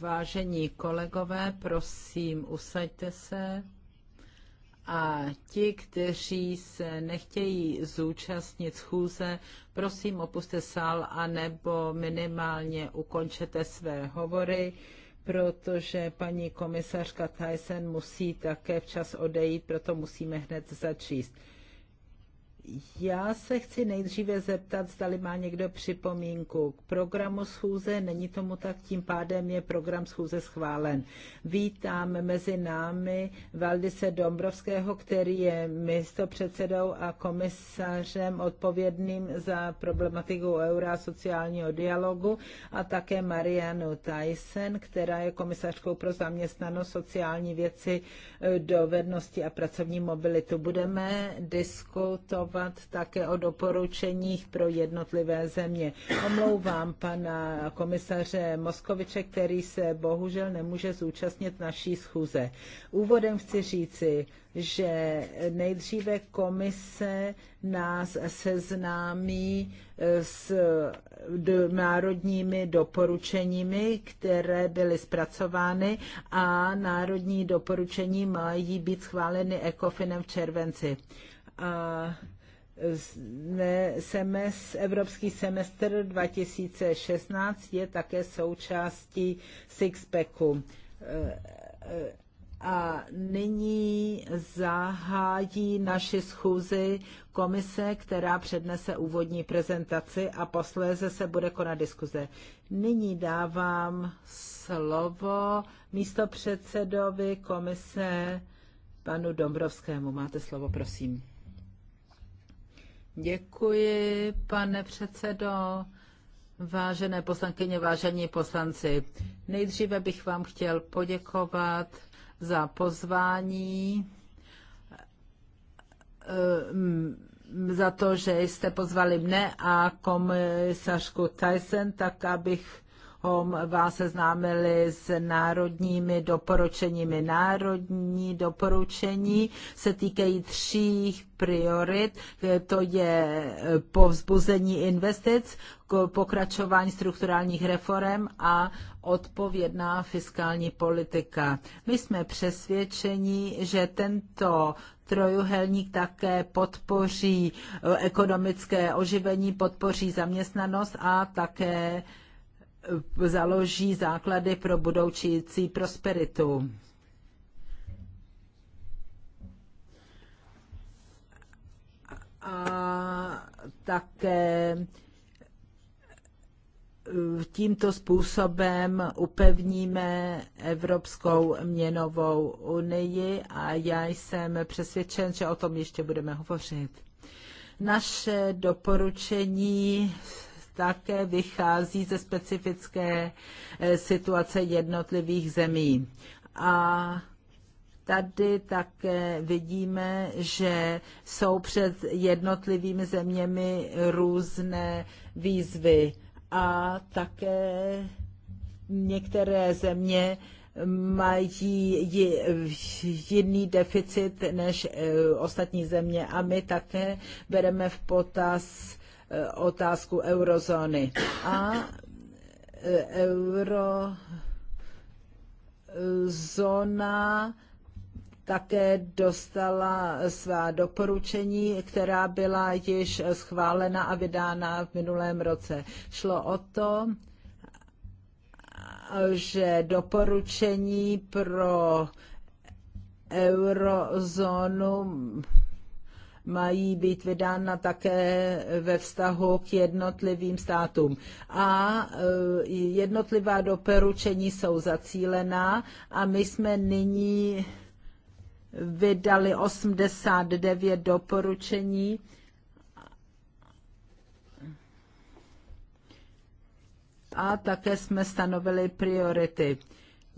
Vážení kolegové, prosím, usaďte se. A ti, kteří se nechtějí zúčastnit schůze, prosím opuste sál a nebo minimálně ukončete své hovory, protože paní komisařka Tyson musí také včas odejít, proto musíme hned začíst. Já se chci nejdříve zeptat, zdali má někdo připomínku k programu schůze. Není tomu tak, tím pádem je program schůze schválen. Vítám mezi námi Valdise Dombrovského, který je místopředsedou a komisařem odpovědným za problematiku eura sociálního dialogu a také Marianu Tyson, která je komisařkou pro zaměstnanost, sociální věci, dovednosti a pracovní mobilitu. Budeme diskutovat diskutovat také o doporučeních pro jednotlivé země. Omlouvám pana komisaře Moskoviče, který se bohužel nemůže zúčastnit naší schůze. Úvodem chci říci, že nejdříve komise nás seznámí s národními doporučeními, které byly zpracovány a národní doporučení mají být schváleny ECOFINem v červenci. A Semes, Evropský semestr 2016 je také součástí Sixpacku. E, e, a nyní zahájí naši schůzi komise, která přednese úvodní prezentaci a posléze se bude konat diskuze. Nyní dávám slovo místopředsedovi komise panu Dombrovskému. Máte slovo, prosím. Děkuji, pane předsedo. Vážené poslankyně, vážení poslanci, nejdříve bych vám chtěl poděkovat za pozvání, ehm, za to, že jste pozvali mne a komisařku Tyson, tak abych vás seznámili s národními doporučeními. Národní doporučení se týkají tří priorit, to je povzbuzení investic, pokračování strukturálních reform a odpovědná fiskální politika. My jsme přesvědčeni, že tento trojuhelník také podpoří ekonomické oživení, podpoří zaměstnanost a také založí základy pro budoucí prosperitu. A také eh, tímto způsobem upevníme Evropskou měnovou unii a já jsem přesvědčen, že o tom ještě budeme hovořit. Naše doporučení také vychází ze specifické eh, situace jednotlivých zemí. A tady také vidíme, že jsou před jednotlivými zeměmi různé výzvy a také některé země mají jiný deficit než eh, ostatní země a my také bereme v potaz Eh, otázku eurozóny. A eh, eurozóna eh, také dostala svá doporučení, která byla již schválena a vydána v minulém roce. Šlo o to, že doporučení pro eurozónu mají být vydána také ve vztahu k jednotlivým státům. A e, jednotlivá doporučení jsou zacílená a my jsme nyní vydali 89 doporučení. A také jsme stanovili priority.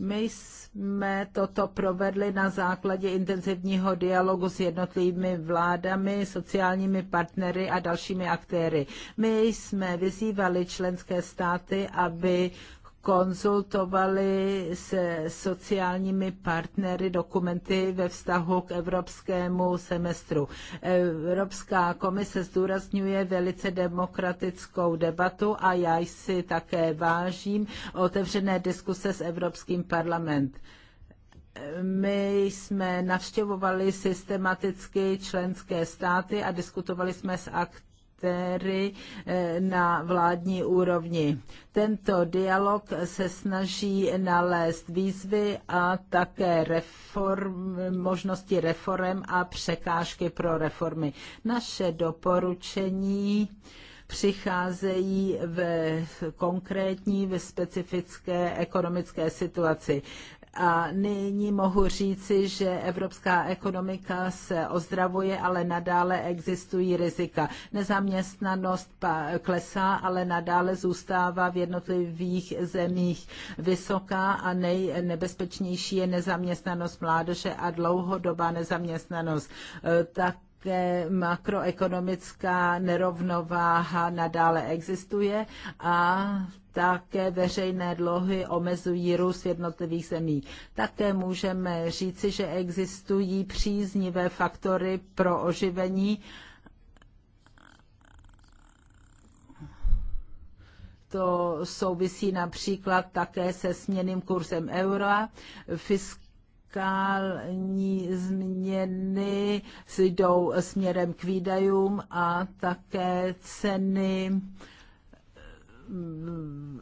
My jsme toto provedli na základě intenzivního dialogu s jednotlivými vládami, sociálními partnery a dalšími aktéry. My jsme vyzývali členské státy, aby konzultovali se sociálními partnery dokumenty ve vztahu k evropskému semestru. Evropská komise zdůrazňuje velice demokratickou debatu a já si také vážím otevřené diskuse s Evropským parlamentem my jsme navštěvovali systematicky členské státy a diskutovali jsme s, akt, aktéry eh, na vládní úrovni. Tento dialog se snaží nalézt výzvy a také reform, možnosti reform a překážky pro reformy. Naše doporučení přicházejí v konkrétní, ve specifické ekonomické situaci. A nyní mohu říci, že evropská ekonomika se ozdravuje, ale nadále existují rizika. Nezaměstnanost klesá, ale nadále zůstává v jednotlivých zemích vysoká a nejnebezpečnější je nezaměstnanost mládeže a dlouhodobá nezaměstnanost. Tak e, také makroekonomická nerovnováha nadále existuje a také veřejné dluhy omezují růst jednotlivých zemí. Také můžeme říci, že existují příznivé faktory pro oživení. To souvisí například také se směným kurzem eura, fiskální změny jdou směrem k výdajům a také ceny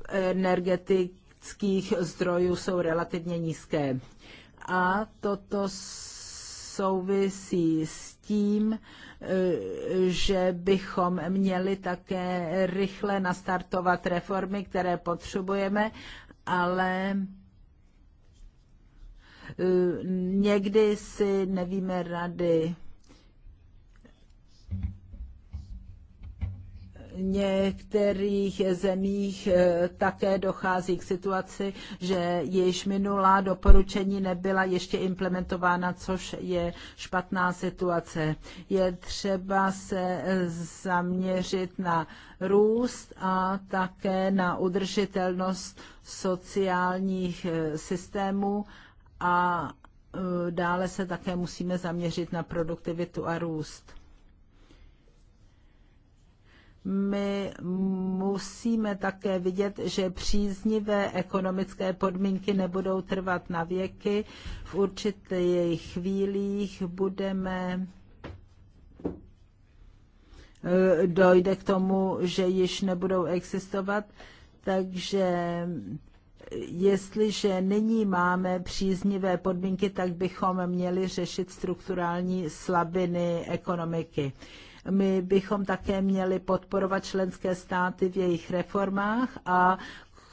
energetických zdrojů jsou relativně nízké. A toto souvisí s tím, e, že bychom měli také rychle nastartovat reformy, které potřebujeme, ale e, někdy si nevíme rady. některých zemích eh, také dochází k situaci, že již minulá doporučení nebyla ještě implementována, což je špatná situace. Je třeba se zaměřit na růst a také na udržitelnost sociálních eh, systémů a eh, dále se také musíme zaměřit na produktivitu a růst my musíme také vidět, že příznivé ekonomické podmínky nebudou trvat na věky. V určitých chvílích budeme eh, dojde k tomu, že již nebudou existovat, takže eh, jestliže nyní máme příznivé podmínky, tak bychom měli řešit strukturální slabiny ekonomiky. My bychom také měli podporovat členské státy v jejich reformách a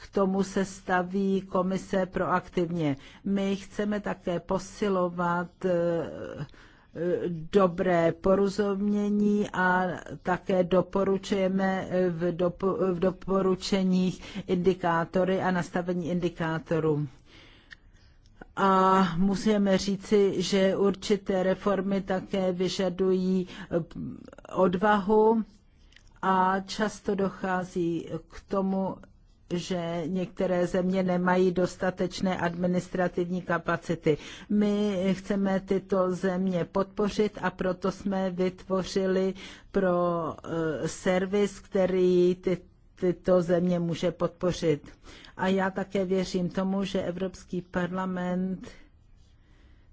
k tomu se staví komise proaktivně. My chceme také posilovat eh, dobré porozumění a také doporučujeme eh, v, dopo, v doporučeních indikátory a nastavení indikátorů a musíme říci, že určité reformy také vyžadují eh, odvahu a často dochází k tomu, že některé země nemají dostatečné administrativní kapacity. My chceme tyto země podpořit a proto jsme vytvořili pro eh, servis, který ty, tyto země může podpořit. A já také věřím tomu, že Evropský parlament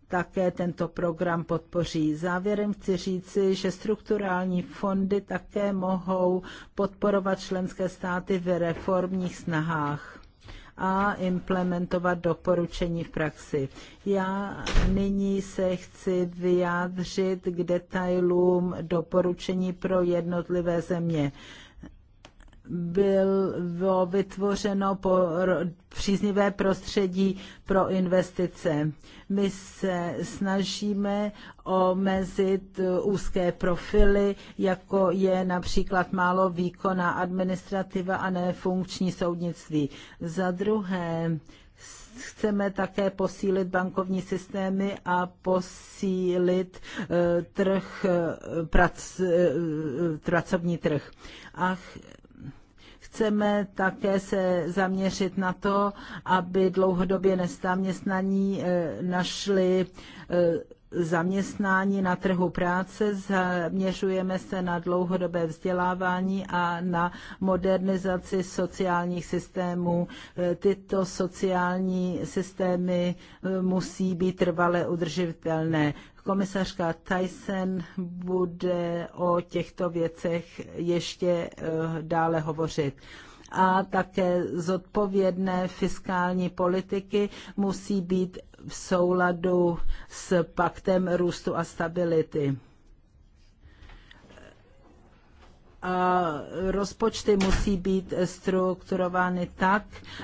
také tento program podpoří. Závěrem chci říci, že strukturální fondy také mohou podporovat členské státy ve reformních snahách a implementovat doporučení v praxi. Já nyní se chci vyjádřit k detailům doporučení pro jednotlivé země bylo vytvořeno po příznivé prostředí pro investice. My se snažíme omezit uh, úzké profily, jako je například málo výkona administrativa a nefunkční soudnictví. Za druhé, chceme také posílit bankovní systémy a posílit uh, trh, uh, prac, pracovní trh. A Chceme také se zaměřit na to, aby dlouhodobě nezaměstnaní eh, našli eh, zaměstnání na trhu práce, zaměřujeme se na dlouhodobé vzdělávání a na modernizaci sociálních systémů. Eh, tyto sociální systémy musí být trvale udržitelné. Komisařka Tyson bude o těchto věcech ještě eh, dále hovořit a také zodpovědné fiskální politiky musí být v souladu s paktem růstu a stability. rozpočty musí být strukturovány tak,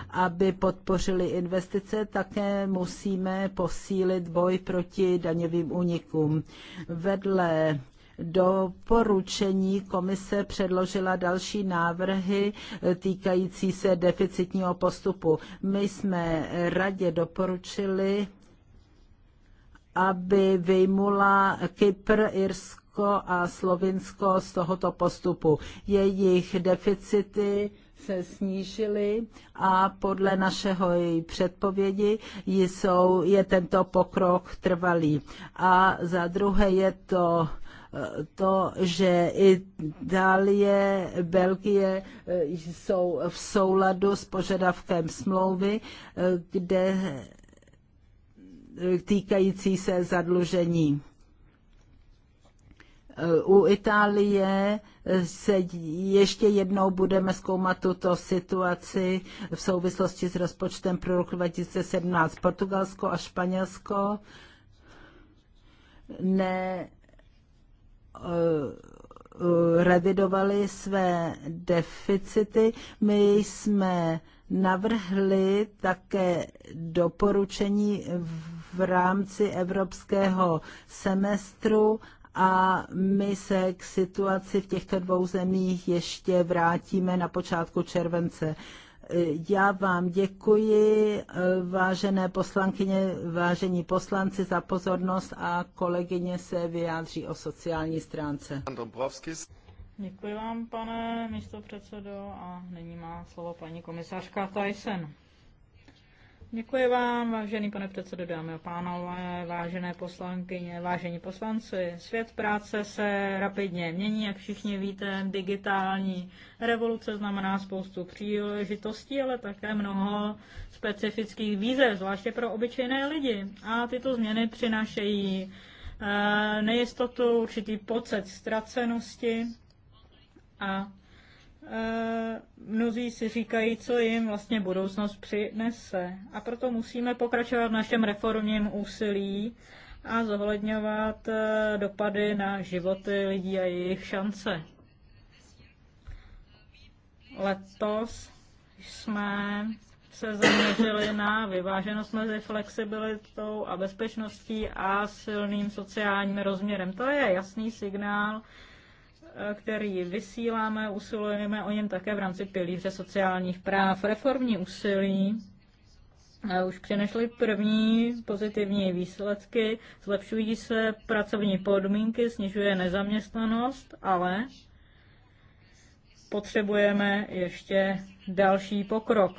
aby podpořily investice. Také musíme posílit boj proti daňovým únikům. Vedle doporučení komise předložila další návrhy týkající se deficitního postupu. My jsme radě doporučili, aby vyjmula Kypr, Irsko, Česko a Slovinsko z tohoto postupu. Jejich deficity se snížily a podle našeho její předpovědi jsou, je tento pokrok trvalý. A za druhé je to to, že Itálie, Belgie eh, jsou v souladu s požadavkem smlouvy, eh, kde eh, týkající se zadlužení. U Itálie eh, se ještě jednou budeme zkoumat tuto situaci v souvislosti s rozpočtem pro rok 2017. Portugalsko a Španělsko ne eh, revidovali své deficity. My jsme navrhli také doporučení v rámci evropského semestru a my se k situaci v těchto dvou zemích ještě vrátíme na počátku července. Já vám děkuji, vážené poslankyně, vážení poslanci, za pozornost a kolegyně se vyjádří o sociální stránce. Děkuji vám, pane předsedo, a nyní má slovo paní komisařka Tyson. Děkuji vám, vážený pane předsedo, dámy a pánové, vážené poslankyně, vážení poslanci. Svět práce se rapidně mění, jak všichni víte, digitální revoluce znamená spoustu příležitostí, ale také mnoho specifických výzev, zvláště pro obyčejné lidi. A tyto změny přinášejí eh, nejistotu, určitý pocit ztracenosti a Eh, mnozí si říkají, co jim vlastně budoucnost přinese. A proto musíme pokračovat v našem reformním úsilí a zohledňovat eh, dopady na životy lidí a jejich šance. Letos jsme se zaměřili na vyváženost mezi flexibilitou a bezpečností a silným sociálním rozměrem. To je jasný signál, který vysíláme, usilujeme o něm také v rámci pilíře sociálních práv. Reformní úsilí eh, už přinešly první pozitivní výsledky, zlepšují se pracovní podmínky, snižuje nezaměstnanost, ale potřebujeme ještě další pokrok.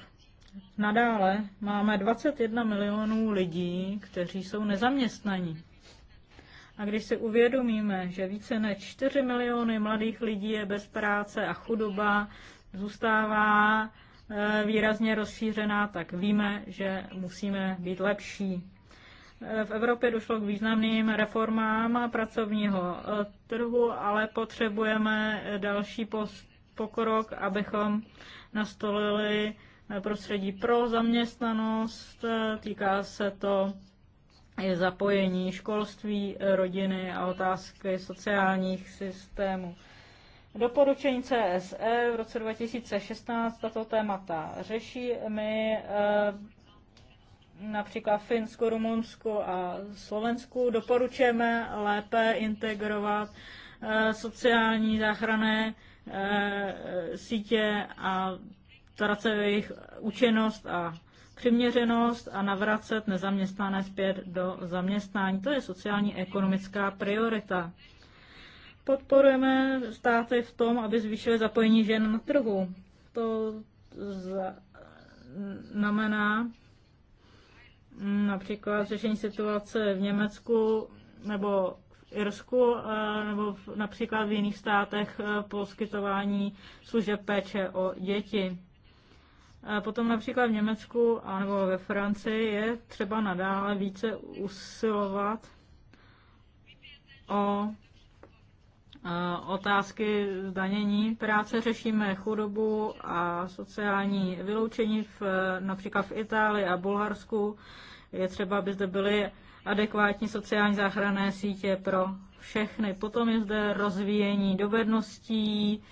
Nadále máme 21 milionů lidí, kteří jsou nezaměstnaní. A když si uvědomíme, že více než 4 miliony mladých lidí je bez práce a chudoba zůstává eh, výrazně rozšířená, tak víme, že musíme být lepší. Eh, v Evropě došlo k významným reformám pracovního eh, trhu, ale potřebujeme další pokrok, abychom nastolili prostředí pro zaměstnanost. Týká se to je zapojení školství, rodiny a otázky sociálních systémů. Doporučení CSE v roce 2016 tato témata řeší. My eh, například Finsku, Rumunsku a Slovensku doporučujeme lépe integrovat eh, sociální záchranné eh, sítě a starat se jejich účinnost a přiměřenost a navracet nezaměstnané zpět do zaměstnání. To je sociální ekonomická priorita. Podporujeme státy v tom, aby zvýšili zapojení žen na trhu. To znamená například řešení situace v Německu nebo v Irsku nebo například v jiných státech eh, poskytování služeb péče o děti. Potom například v Německu nebo ve Francii je třeba nadále více usilovat o otázky zdanění práce. Řešíme chudobu a sociální vyloučení v, například v Itálii a Bulharsku. Je třeba, aby zde byly adekvátní sociální záchranné sítě pro všechny. Potom je zde rozvíjení dovedností,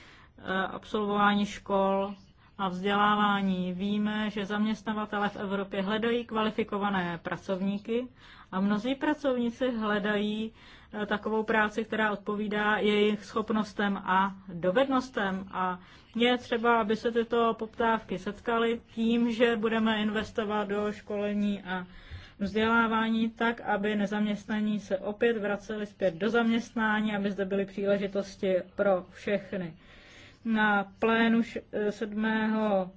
absolvování škol, a vzdělávání. Víme, že zaměstnavatele v Evropě hledají kvalifikované pracovníky a mnozí pracovníci hledají eh, takovou práci, která odpovídá jejich schopnostem a dovednostem. A je třeba, aby se tyto poptávky setkaly tím, že budeme investovat do školení a vzdělávání tak, aby nezaměstnaní se opět vraceli zpět do zaměstnání, aby zde byly příležitosti pro všechny. Na plénu 7. Eh,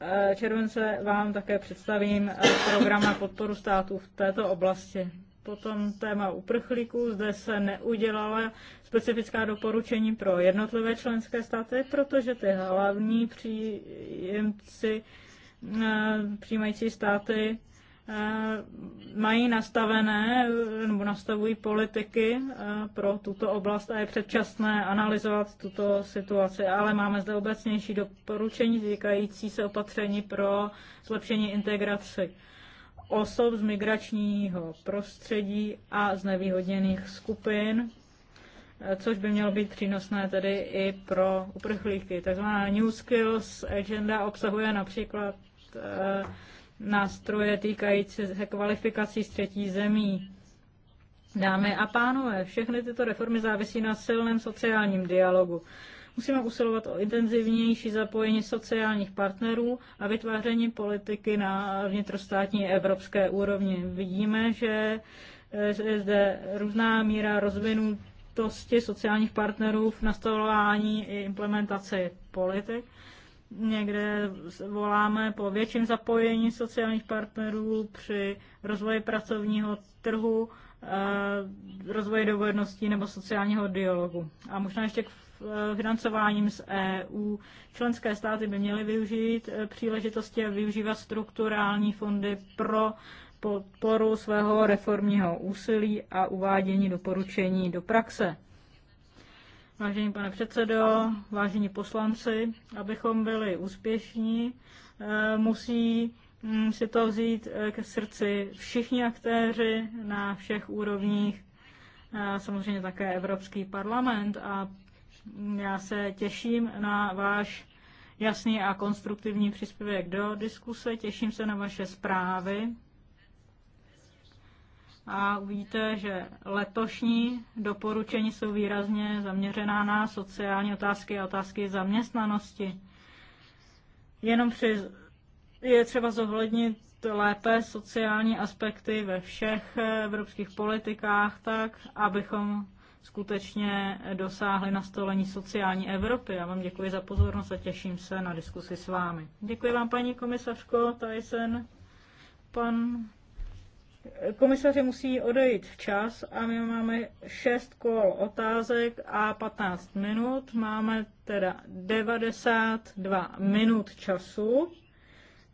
eh, července vám také představím eh, program na podporu států v této oblasti. Potom téma uprchlíků. Zde se neudělala specifická doporučení pro jednotlivé členské státy, protože ty hlavní příjemci přijímající státy Eh, mají nastavené eh, nebo nastavují politiky eh, pro tuto oblast a je předčasné analyzovat tuto situaci. Ale máme zde obecnější doporučení týkající se opatření pro zlepšení integraci osob z migračního prostředí a z nevýhodněných skupin, což by mělo být přínosné tedy i pro uprchlíky. Takzvaná New Skills Agenda obsahuje například nástroje týkající se kvalifikací z třetí zemí. Dámy a pánové, všechny tyto reformy závisí na silném sociálním dialogu. Musíme usilovat o intenzivnější zapojení sociálních partnerů a vytváření politiky na vnitrostátní evropské úrovni. Vidíme, že eh, je zde různá míra rozvinutosti sociálních partnerů v nastavování i implementaci politik Někde voláme po větším zapojení sociálních partnerů při rozvoji pracovního trhu, eh, rozvoji dovedností nebo sociálního dialogu. A možná ještě k eh, financováním z EU. Členské státy by měly využít eh, příležitosti a využívat strukturální fondy pro podporu svého reformního úsilí a uvádění doporučení do praxe. Vážený pane předsedo, vážení poslanci, abychom byli úspěšní, eh, musí mm, si to vzít eh, k srdci všichni aktéři na všech úrovních, eh, samozřejmě také Evropský parlament a já se těším na váš jasný a konstruktivní příspěvek do diskuse, těším se na vaše zprávy a uvidíte, že letošní doporučení jsou výrazně zaměřená na sociální otázky a otázky zaměstnanosti. Jenom při, je třeba zohlednit lépe sociální aspekty ve všech evropských politikách tak, abychom skutečně dosáhli nastolení sociální Evropy. Já vám děkuji za pozornost a těším se na diskusi s vámi. Děkuji vám, paní komisařko Tyson. Pan Komisaři musí odejít včas a my máme 6 kol otázek a 15 minut. Máme teda 92 minut času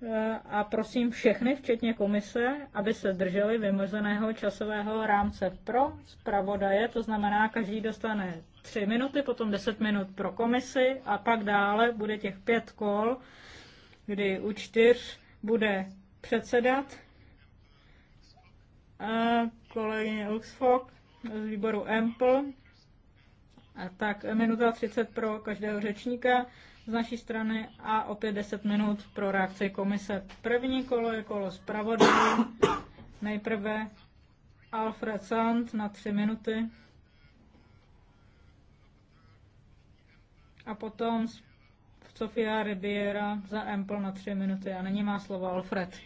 eh, a prosím všechny, včetně komise, aby se drželi vymezeného časového rámce pro zpravodaje, to znamená, každý dostane 3 minuty, potom 10 minut pro komisi a pak dále bude těch pět kol, kdy u čtyř bude předsedat kolegyně Luxfog z výboru EMPL. A tak minuta 30 pro každého řečníka z naší strany a opět 10 minut pro reakci komise. První kolo je kolo zpravodajů. Nejprve Alfred Sand na 3 minuty. A potom Sofia Ribiera za Ample na 3 minuty. A nyní má slovo Alfred.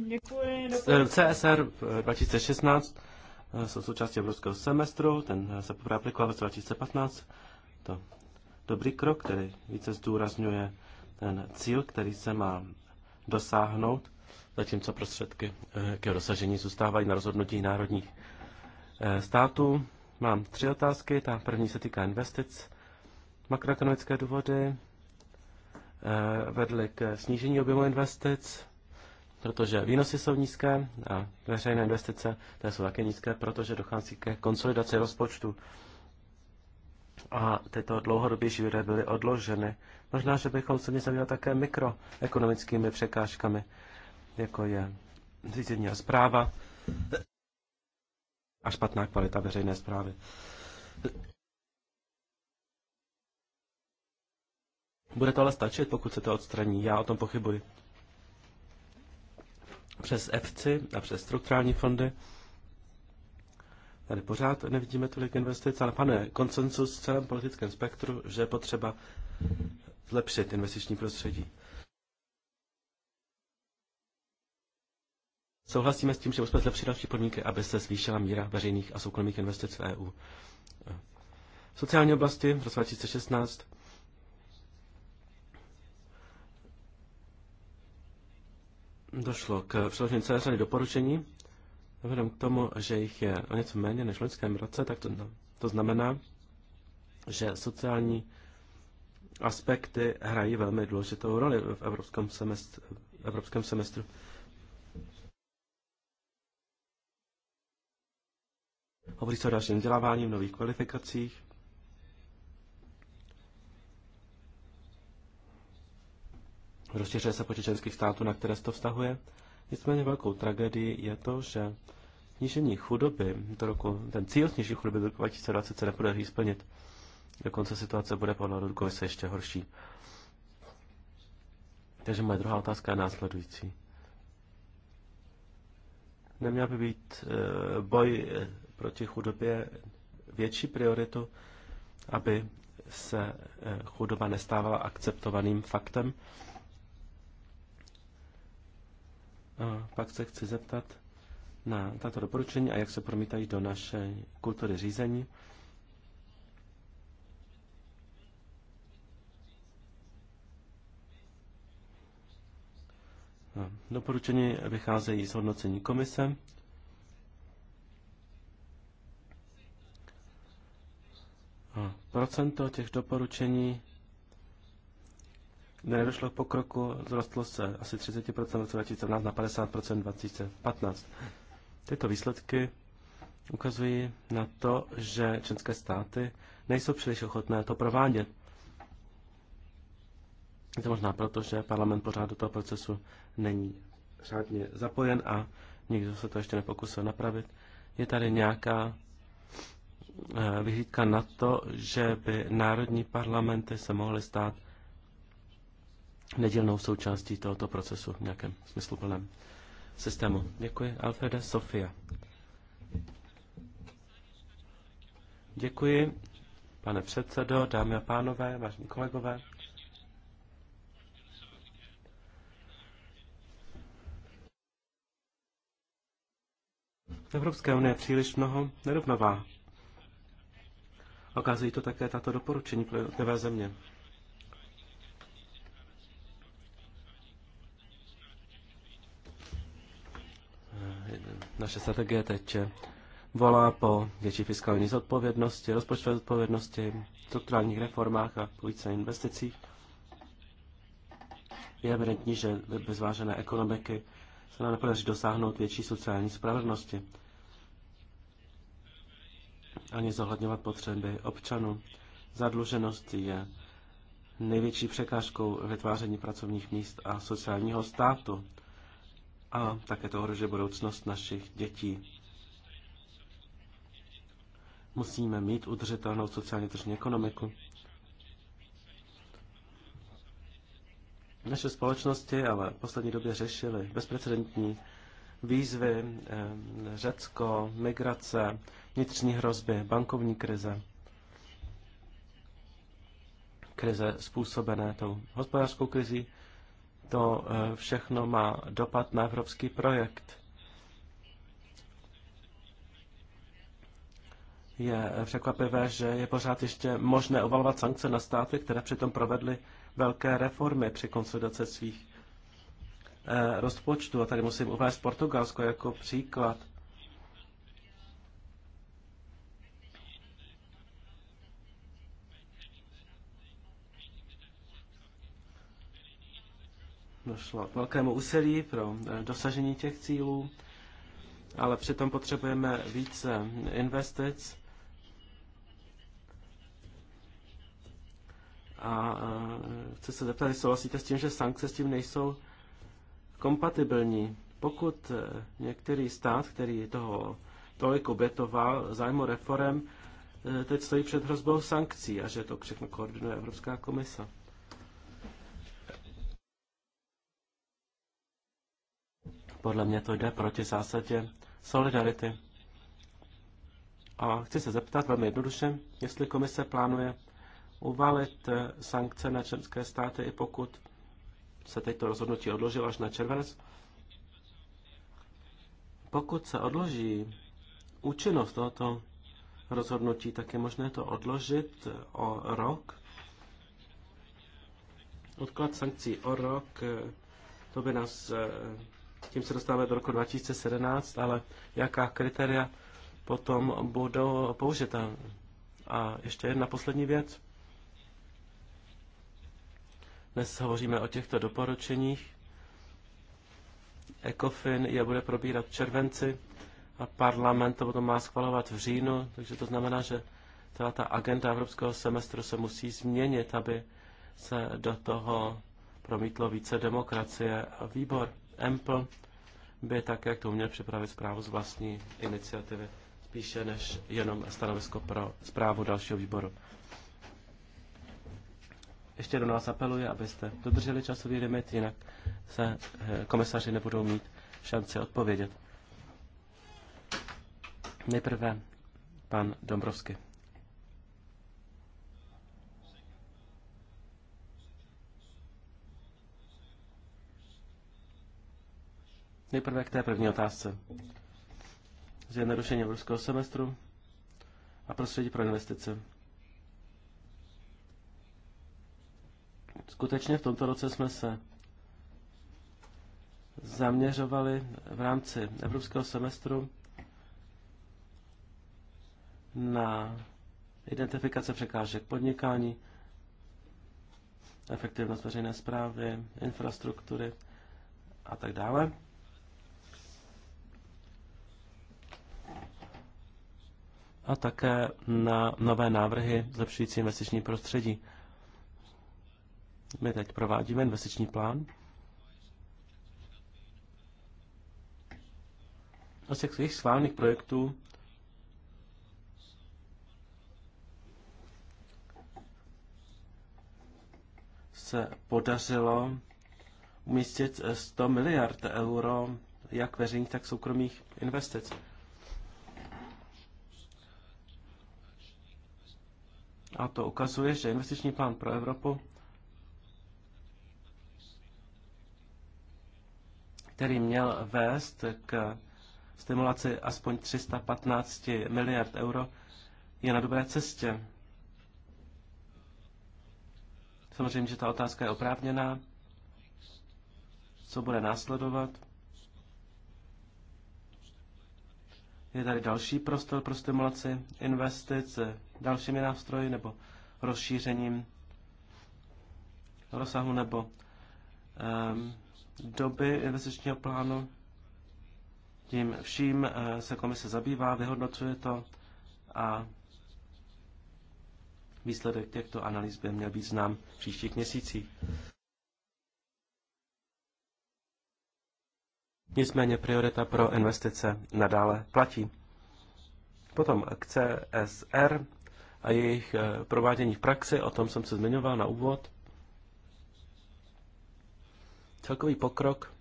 Děkuji. Eh, CSR 2016 eh, eh, jsou součástí evropského semestru, ten se poprvé aplikoval v roce 2015. To dobrý krok, který více zdůrazňuje ten cíl, který se má dosáhnout, zatímco prostředky k jeho dosažení zůstávají na rozhodnutí národních států. Mám tři otázky. Ta první se týká investic. Makroekonomické důvody vedly k snížení objemu investic protože výnosy jsou nízké a veřejné investice to jsou také nízké, protože dochází ke konsolidaci rozpočtu. A tyto dlouhodobější výdaje byly odloženy. Možná, že bychom se měli zabývat také mikroekonomickými překážkami, jako je řízení a zpráva a špatná kvalita veřejné zprávy. Bude to ale stačit, pokud se to odstraní. Já o tom pochybuji přes EFCI a přes strukturální fondy. Tady pořád nevidíme tolik investic, ale pane, konsensus v celém politickém spektru, že je potřeba zlepšit investiční prostředí. Souhlasíme s tím, že musíme zlepšit další podmínky, aby se zvýšila míra veřejných a soukromých investic v EU. V sociální oblasti v roce 2016 Došlo k přeložení celé řady doporučení. Vzhledem k tomu, že jich je o něco méně než v loňském roce, tak to, no, to znamená, že sociální aspekty hrají velmi důležitou roli v evropském semestru. V evropském semestru. Hovoří se o dalším vzdělávání, nových kvalifikacích, rozšiřuje se počet členských států, na které se to vztahuje. Nicméně velkou tragédií je to, že snížení chudoby do roku, ten cíl snížení chudoby do roku 2020 se nepodaří splnit. Dokonce situace bude podle Rudkovi se ještě horší. Takže moje druhá otázka je následující. Neměl by být eh, boj eh, proti chudobě větší prioritu, aby se eh, chudoba nestávala akceptovaným faktem? A pak se chci zeptat na tato doporučení a jak se promítají do naší kultury řízení. Doporučení vycházejí z hodnocení komise. procento těch doporučení Nedošlo k pokroku, zrostlo se asi 30% v roce 2017 na 50% 2015. Tyto výsledky ukazují na to, že členské státy nejsou příliš ochotné to provádět. Je to možná proto, že parlament pořád do toho procesu není řádně zapojen a nikdo se to ještě nepokusil napravit. Je tady nějaká eh, vyhlídka na to, že by národní parlamenty se mohly stát nedělnou součástí tohoto procesu v nějakém smysluplném systému. Děkuji. Alfreda Sofia. Děkuji, pane předsedo, dámy a pánové, vážení kolegové. V Evropské unii je příliš mnoho nerovnová. Okazují to také tato doporučení pro jednotlivé země. Naše strategie teď volá po větší fiskální zodpovědnosti, rozpočtové zodpovědnosti, strukturálních reformách a více investicích. Je evidentní, že bez vážené ekonomiky se nám nepodaří dosáhnout větší sociální spravedlnosti ani zohledňovat potřeby občanů. Zadluženost je největší překážkou vytváření pracovních míst a sociálního státu a také to ohrožuje budoucnost našich dětí. Musíme mít udržitelnou sociálně tržní ekonomiku. Naše společnosti ale v poslední době řešily bezprecedentní výzvy, eh, Řecko, migrace, vnitřní hrozby, bankovní krize, krize způsobené tou hospodářskou krizí, to eh, všechno má dopad na evropský projekt. Je překvapivé, že je pořád ještě možné ovalovat sankce na státy, které přitom provedly velké reformy při konsolidaci svých eh, rozpočtu. A tady musím uvést Portugalsko jako příklad. došlo k velkému úsilí pro eh, dosažení těch cílů, ale přitom potřebujeme více investic a eh, chci se zeptat, jestli souhlasíte s tím, že sankce s tím nejsou kompatibilní. Pokud eh, některý stát, který toho tolik obětoval zájmu reform, teď stojí před hrozbou sankcí a že to všechno koordinuje Evropská komisa. Podle mě to jde proti zásadě solidarity. A chci se zeptat velmi jednoduše, jestli komise plánuje uvalit eh, sankce na členské státy, i pokud se teď to rozhodnutí odložilo až na červenec. Pokud se odloží účinnost tohoto rozhodnutí, tak je možné to odložit eh, o rok. Odklad sankcí o rok, eh, to by nás tím se dostáváme do roku 2017, ale jaká kritéria potom budou použita? A ještě jedna poslední věc. Dnes hovoříme o těchto doporučeních. ECOFIN je bude probírat v červenci a parlament to potom má schvalovat v říjnu, takže to znamená, že ta, ta agenda evropského semestru se musí změnit, aby se do toho promítlo více demokracie a výbor. Ample by také k tomu měl připravit zprávu z vlastní iniciativy, spíše než jenom stanovisko pro zprávu dalšího výboru. Ještě do nás apeluji, abyste dodrželi časový limit, jinak se eh, komisaři nebudou mít šanci odpovědět. Nejprve pan Dombrovský. Nejprve k té první otázce. Zjednodušení evropského semestru a prostředí pro investice. Skutečně v tomto roce jsme se zaměřovali v rámci evropského semestru na identifikace překážek podnikání, efektivnost veřejné zprávy, infrastruktury a tak dále. a také na nové návrhy zlepšující investiční prostředí. My teď provádíme investiční plán. A z těch svých schválených projektů se podařilo umístit 100 miliard euro jak veřejných, tak soukromých investic. A to ukazuje, že investiční plán pro Evropu, který měl vést k stimulaci aspoň 315 miliard euro, je na dobré cestě. Samozřejmě, že ta otázka je oprávněná. Co bude následovat? Je tady další prostor pro stimulaci investic dalšími nástroji nebo rozšířením rozsahu nebo um, doby investičního plánu. Tím vším eh, se komise zabývá, vyhodnocuje to a výsledek těchto analýz by měl být znám v příštích měsících. Nicméně priorita pro investice nadále platí. Potom k CSR a jejich eh, provádění v praxi, o tom jsem se zmiňoval na úvod. Celkový pokrok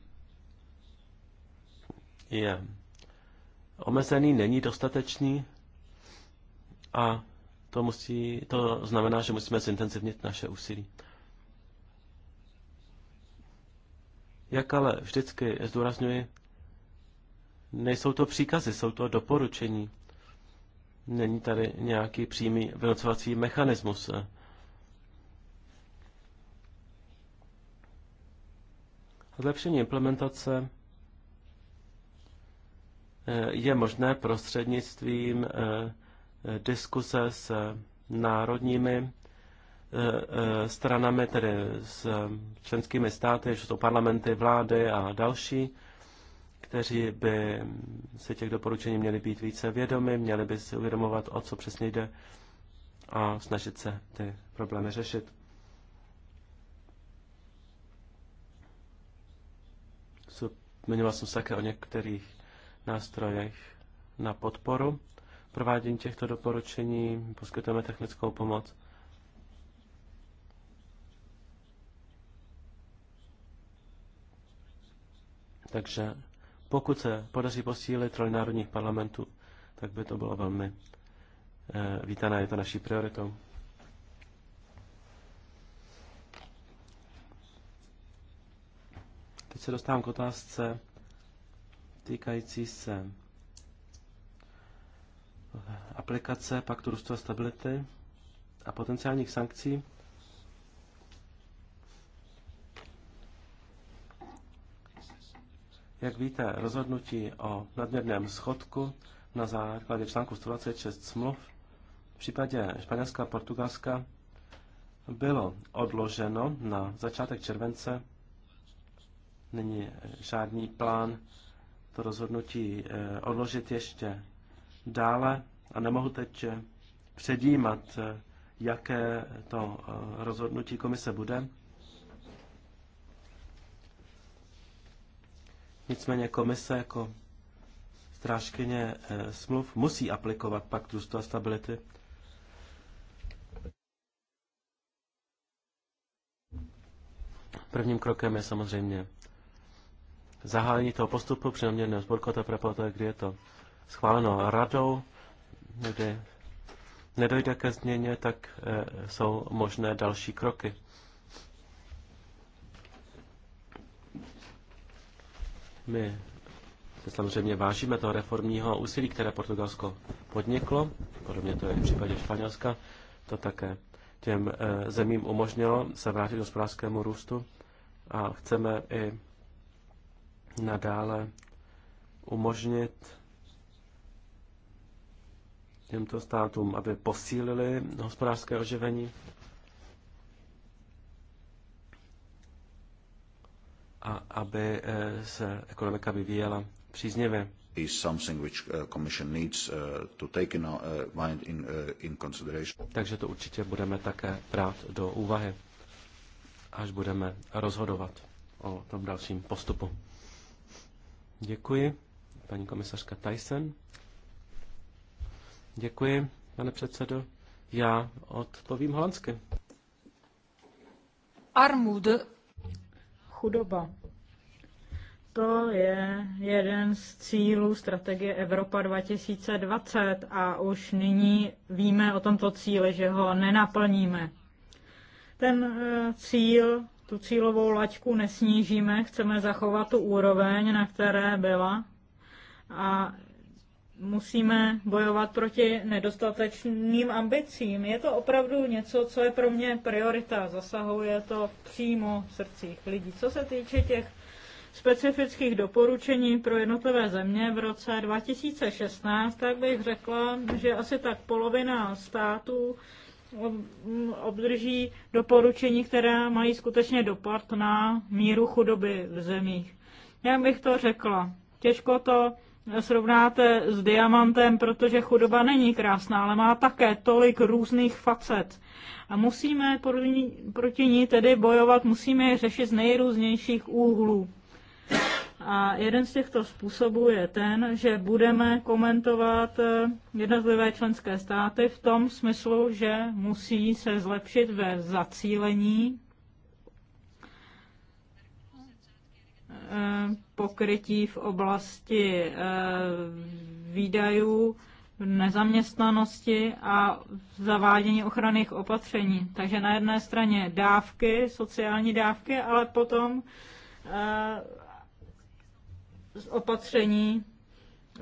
je omezený, není dostatečný a to, musí, to znamená, že musíme zintenzivnit naše úsilí. Jak ale vždycky zdůrazňuji, nejsou to příkazy, jsou to doporučení. Není tady nějaký přímý vynocovací mechanismus. Zlepšení implementace eh, je možné prostřednictvím eh, eh, diskuse s národními Eh, eh, stranami, tedy s eh, členskými státy, že jsou parlamenty, vlády a další, kteří by se těch doporučení měli být více vědomi, měli by si uvědomovat, o co přesně jde a snažit se ty problémy řešit. Zmiňoval jsem se také o některých nástrojech na podporu provádění těchto doporučení, poskytujeme technickou pomoc Takže pokud se podaří posílit roli národních parlamentů, tak by to bylo velmi eh, vítané, je to naší prioritou. Teď se dostávám k otázce týkající se aplikace Paktu růstu a stability a potenciálních sankcí. Jak víte, rozhodnutí o nadměrném schodku na základě článku 126 smluv v případě Španělska a Portugalska bylo odloženo na začátek července. Není žádný plán to rozhodnutí eh, odložit ještě dále a nemohu teď eh, předjímat, eh, jaké to rozhodnutí komise bude. Nicméně komise jako strážkyně eh, smluv musí aplikovat pakt růstu a stability. Prvním krokem je samozřejmě zahájení toho postupu přinoměrného sborku a to kdy je to schváleno radou, kdy nedojde ke změně, tak eh, jsou možné další kroky. My se samozřejmě vážíme toho reformního úsilí, které Portugalsko podniklo, podobně to je i v případě Španělska, to také těm eh, zemím umožnilo se vrátit k hospodářskému růstu a chceme i nadále umožnit těmto státům, aby posílili hospodářské oživení. a aby eh, se ekonomika vyvíjela příznivě. Takže to určitě budeme také brát do úvahy, až budeme rozhodovat o tom dalším postupu. Děkuji, paní komisařka Tyson. Děkuji, pane předsedo. Já odpovím holandsky. Armud chudoba. To je jeden z cílů strategie Evropa 2020 a už nyní víme o tomto cíli, že ho nenaplníme. Ten eh, cíl, tu cílovou laťku nesnížíme, chceme zachovat tu úroveň, na které byla a musíme bojovat proti nedostatečným ambicím. Je to opravdu něco, co je pro mě priorita. Zasahuje to přímo v srdcích lidí. Co se týče těch specifických doporučení pro jednotlivé země v roce 2016, tak bych řekla, že asi tak polovina států obdrží doporučení, která mají skutečně dopad na míru chudoby v zemích. Jak bych to řekla? Těžko to srovnáte s diamantem, protože chudoba není krásná, ale má také tolik různých facet. A musíme proti ní tedy bojovat, musíme je řešit z nejrůznějších úhlů. A jeden z těchto způsobů je ten, že budeme komentovat eh, jednotlivé členské státy v tom smyslu, že musí se zlepšit ve zacílení Eh, pokrytí v oblasti eh, výdajů, nezaměstnanosti a zavádění ochranných opatření. Takže na jedné straně dávky, sociální dávky, ale potom eh, opatření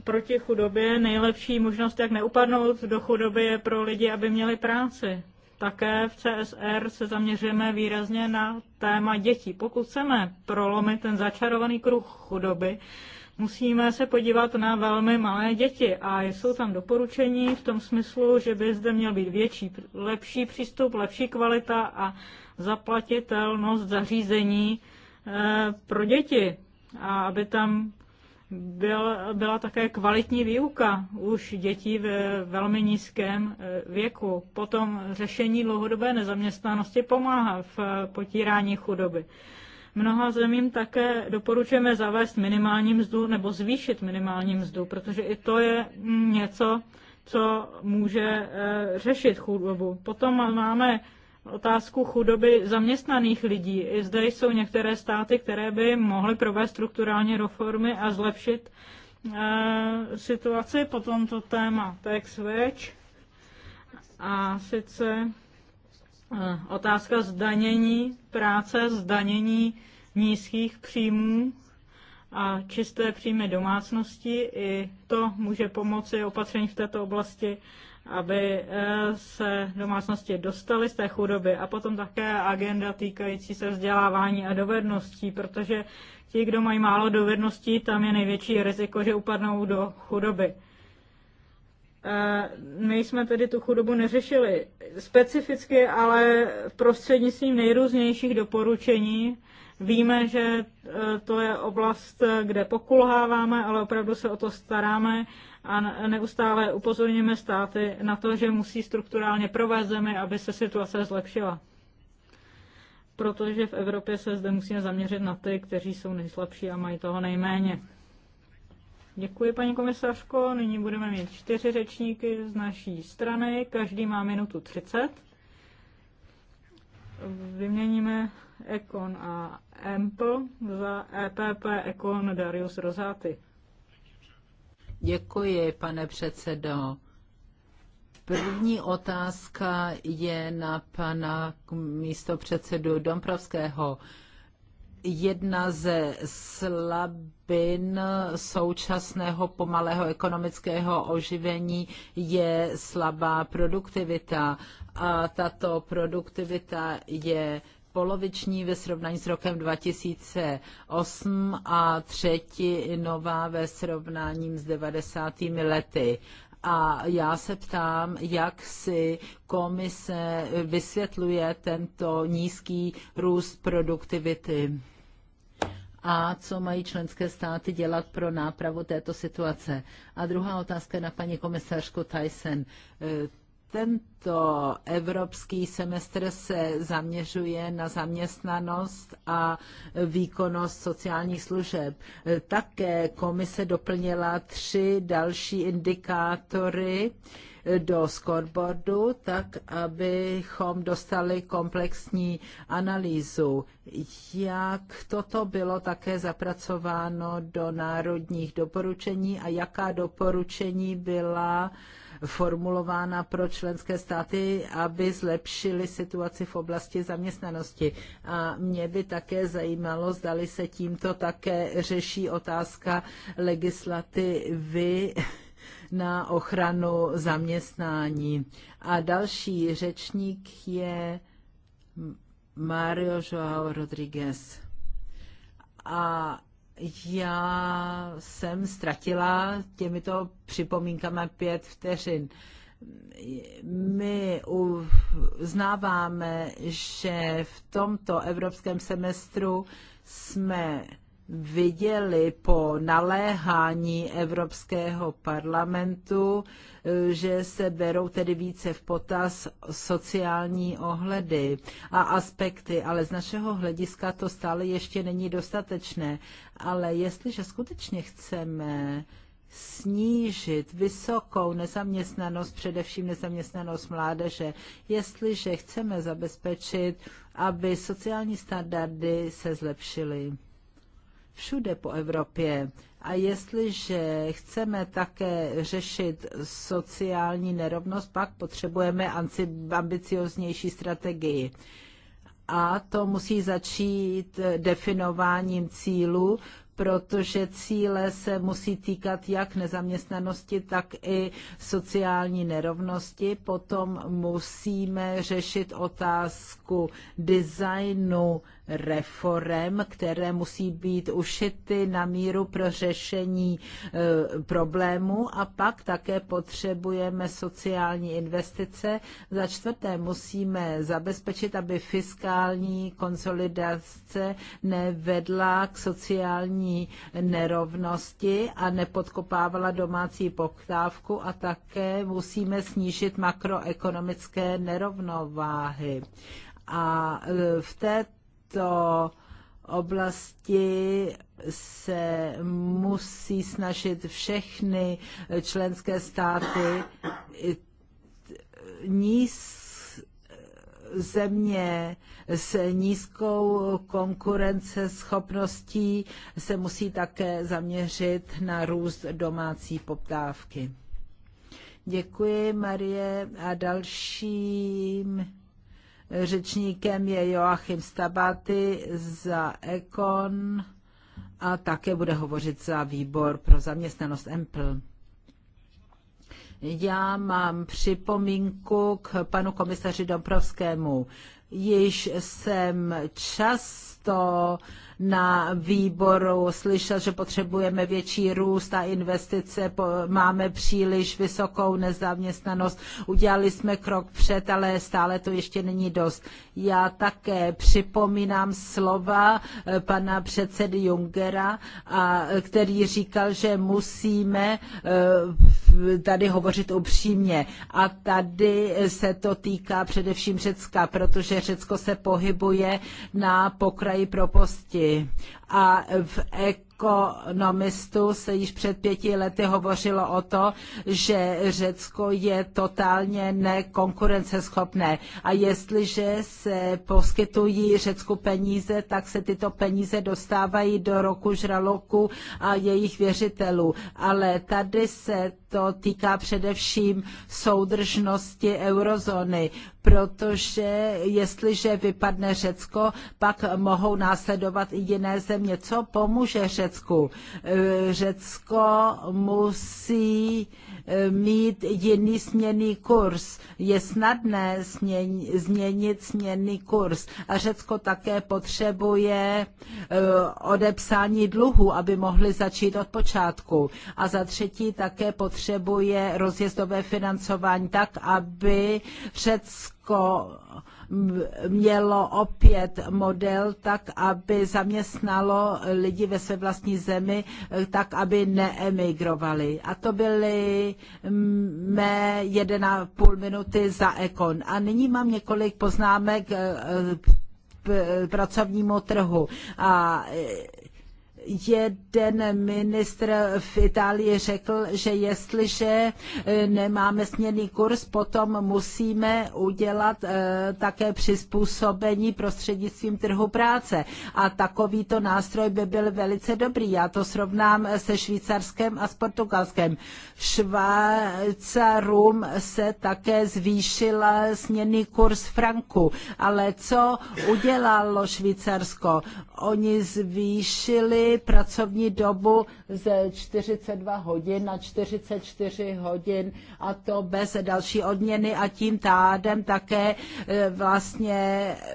proti chudobě. Nejlepší možnost, jak neupadnout do chudoby, je pro lidi, aby měli práci. Také v CSR se zaměřujeme výrazně na téma dětí. Pokud chceme prolomit ten začarovaný kruh chudoby, musíme se podívat na velmi malé děti a jsou tam doporučení v tom smyslu, že by zde měl být větší, lepší přístup, lepší kvalita a zaplatitelnost zařízení eh, pro děti a aby tam byl, byla také kvalitní výuka už dětí ve velmi nízkém eh, věku. Potom řešení dlouhodobé nezaměstnanosti pomáhá v eh, potírání chudoby. Mnoha zemím také doporučujeme zavést minimální mzdu nebo zvýšit minimální mzdu, protože i to je mm, něco, co může eh, řešit chudobu. Potom máme otázku chudoby zaměstnaných lidí. I zde jsou některé státy, které by mohly provést strukturální reformy a zlepšit e, situaci po tomto téma. Tax switch. a sice e, otázka zdanění práce, zdanění nízkých příjmů a čisté příjmy domácnosti. I to může pomoci opatření v této oblasti aby eh, se domácnosti dostaly z té chudoby a potom také agenda týkající se vzdělávání a dovedností, protože ti, kdo mají málo dovedností, tam je největší riziko, že upadnou do chudoby. Eh, my jsme tedy tu chudobu neřešili specificky, ale prostřednictvím nejrůznějších doporučení. Víme, že eh, to je oblast, kde pokulháváme, ale opravdu se o to staráme a neustále upozorňujeme státy na to, že musí strukturálně provést zemi, aby se situace zlepšila. Protože v Evropě se zde musíme zaměřit na ty, kteří jsou nejslabší a mají toho nejméně. Děkuji, paní komisařko. Nyní budeme mít čtyři řečníky z naší strany. Každý má minutu 30. Vyměníme Ekon a Empl za EPP Ekon Darius Rozáty. Děkuji, pane předsedo. První otázka je na pana místopředsedu Dombrovského. Jedna ze slabin současného pomalého ekonomického oživení je slabá produktivita a tato produktivita je poloviční ve srovnání s rokem 2008 a třetí nová ve srovnání s 90. lety. A já se ptám, jak si komise vysvětluje tento nízký růst produktivity a co mají členské státy dělat pro nápravu této situace. A druhá otázka na paní komisařku Tyson. Tento evropský semestr se zaměřuje na zaměstnanost a výkonnost sociálních služeb. Také komise doplnila tři další indikátory do scoreboardu, tak abychom dostali komplexní analýzu. Jak toto bylo také zapracováno do národních doporučení a jaká doporučení byla formulována pro členské státy, aby zlepšili situaci v oblasti zaměstnanosti. A mě by také zajímalo, zdali se tímto také řeší otázka legislativy na ochranu zaměstnání. A další řečník je Mario Joao Rodriguez. A já jsem ztratila těmito připomínkami pět vteřin. My uznáváme, že v tomto evropském semestru jsme viděli po naléhání Evropského parlamentu, eh, že se berou tedy více v potaz sociální ohledy a aspekty, ale z našeho hlediska to stále ještě není dostatečné. Ale jestliže skutečně chceme snížit vysokou nezaměstnanost, především nezaměstnanost mládeže, jestliže chceme zabezpečit, aby sociální standardy se zlepšily všude po Evropě. A jestliže chceme také řešit sociální nerovnost, pak potřebujeme ambicioznější strategii. A to musí začít definováním cílů, protože cíle se musí týkat jak nezaměstnanosti, tak i sociální nerovnosti. Potom musíme řešit otázku designu reform, které musí být ušity na míru pro řešení e, problému a pak také potřebujeme sociální investice. Za čtvrté musíme zabezpečit, aby fiskální konsolidace nevedla k sociální sociální nerovnosti a nepodkopávala domácí poptávku a také musíme snížit makroekonomické nerovnováhy. A e, v této oblasti se musí snažit všechny členské státy níz země s nízkou konkurenceschopností se musí také zaměřit na růst domácí poptávky. Děkuji, Marie. A dalším řečníkem je Joachim Stabaty za Econ a také bude hovořit za výbor pro zaměstnanost EMPL. Já mám připomínku k panu komisaři Dombrovskému. Již jsem často uh, na výboru slyšel, že potřebujeme větší růst a investice, máme příliš vysokou nezaměstnanost. Udělali jsme krok před, ale stále to ještě není dost. Já také připomínám slova eh, pana předsedy Jungera, a, který říkal, že musíme eh, tady hovořit upřímně. A tady se to týká především Řecka, protože Řecko se pohybuje na pokraji propasti a v ek ekonomistů se již před pěti lety hovořilo o to, že Řecko je totálně nekonkurenceschopné. A jestliže se poskytují Řecku peníze, tak se tyto peníze dostávají do roku žraloku a jejich věřitelů. Ale tady se to týká především soudržnosti eurozóny, protože jestliže vypadne Řecko, pak mohou následovat i jiné země. Co pomůže Řecku? Řecku. Eh, Řecko musí eh, mít jiný směný kurz. Je snadné změnit směný kurz. A Řecko také potřebuje eh, odepsání dluhu, aby mohli začít od počátku. A za třetí také potřebuje rozjezdové financování tak, aby Řecko mělo opět model tak, aby zaměstnalo lidi ve své vlastní zemi, eh, tak, aby neemigrovali. A to byly mm, mé půl minuty za Ekon. A nyní mám několik poznámek eh, eh, pracovnímu trhu. A jeden ministr v Itálii řekl, že jestliže e, nemáme směrný kurz, potom musíme udělat e, také přizpůsobení prostřednictvím trhu práce. A takovýto nástroj by byl velice dobrý. Já to srovnám se švýcarském a s portugalském. Švácarům se také zvýšil směrný kurz franku. Ale co udělalo Švýcarsko? Oni zvýšili pracovní dobu ze 42 hodin na 44 hodin a to bez další odměny a tím tádem také e, vlastně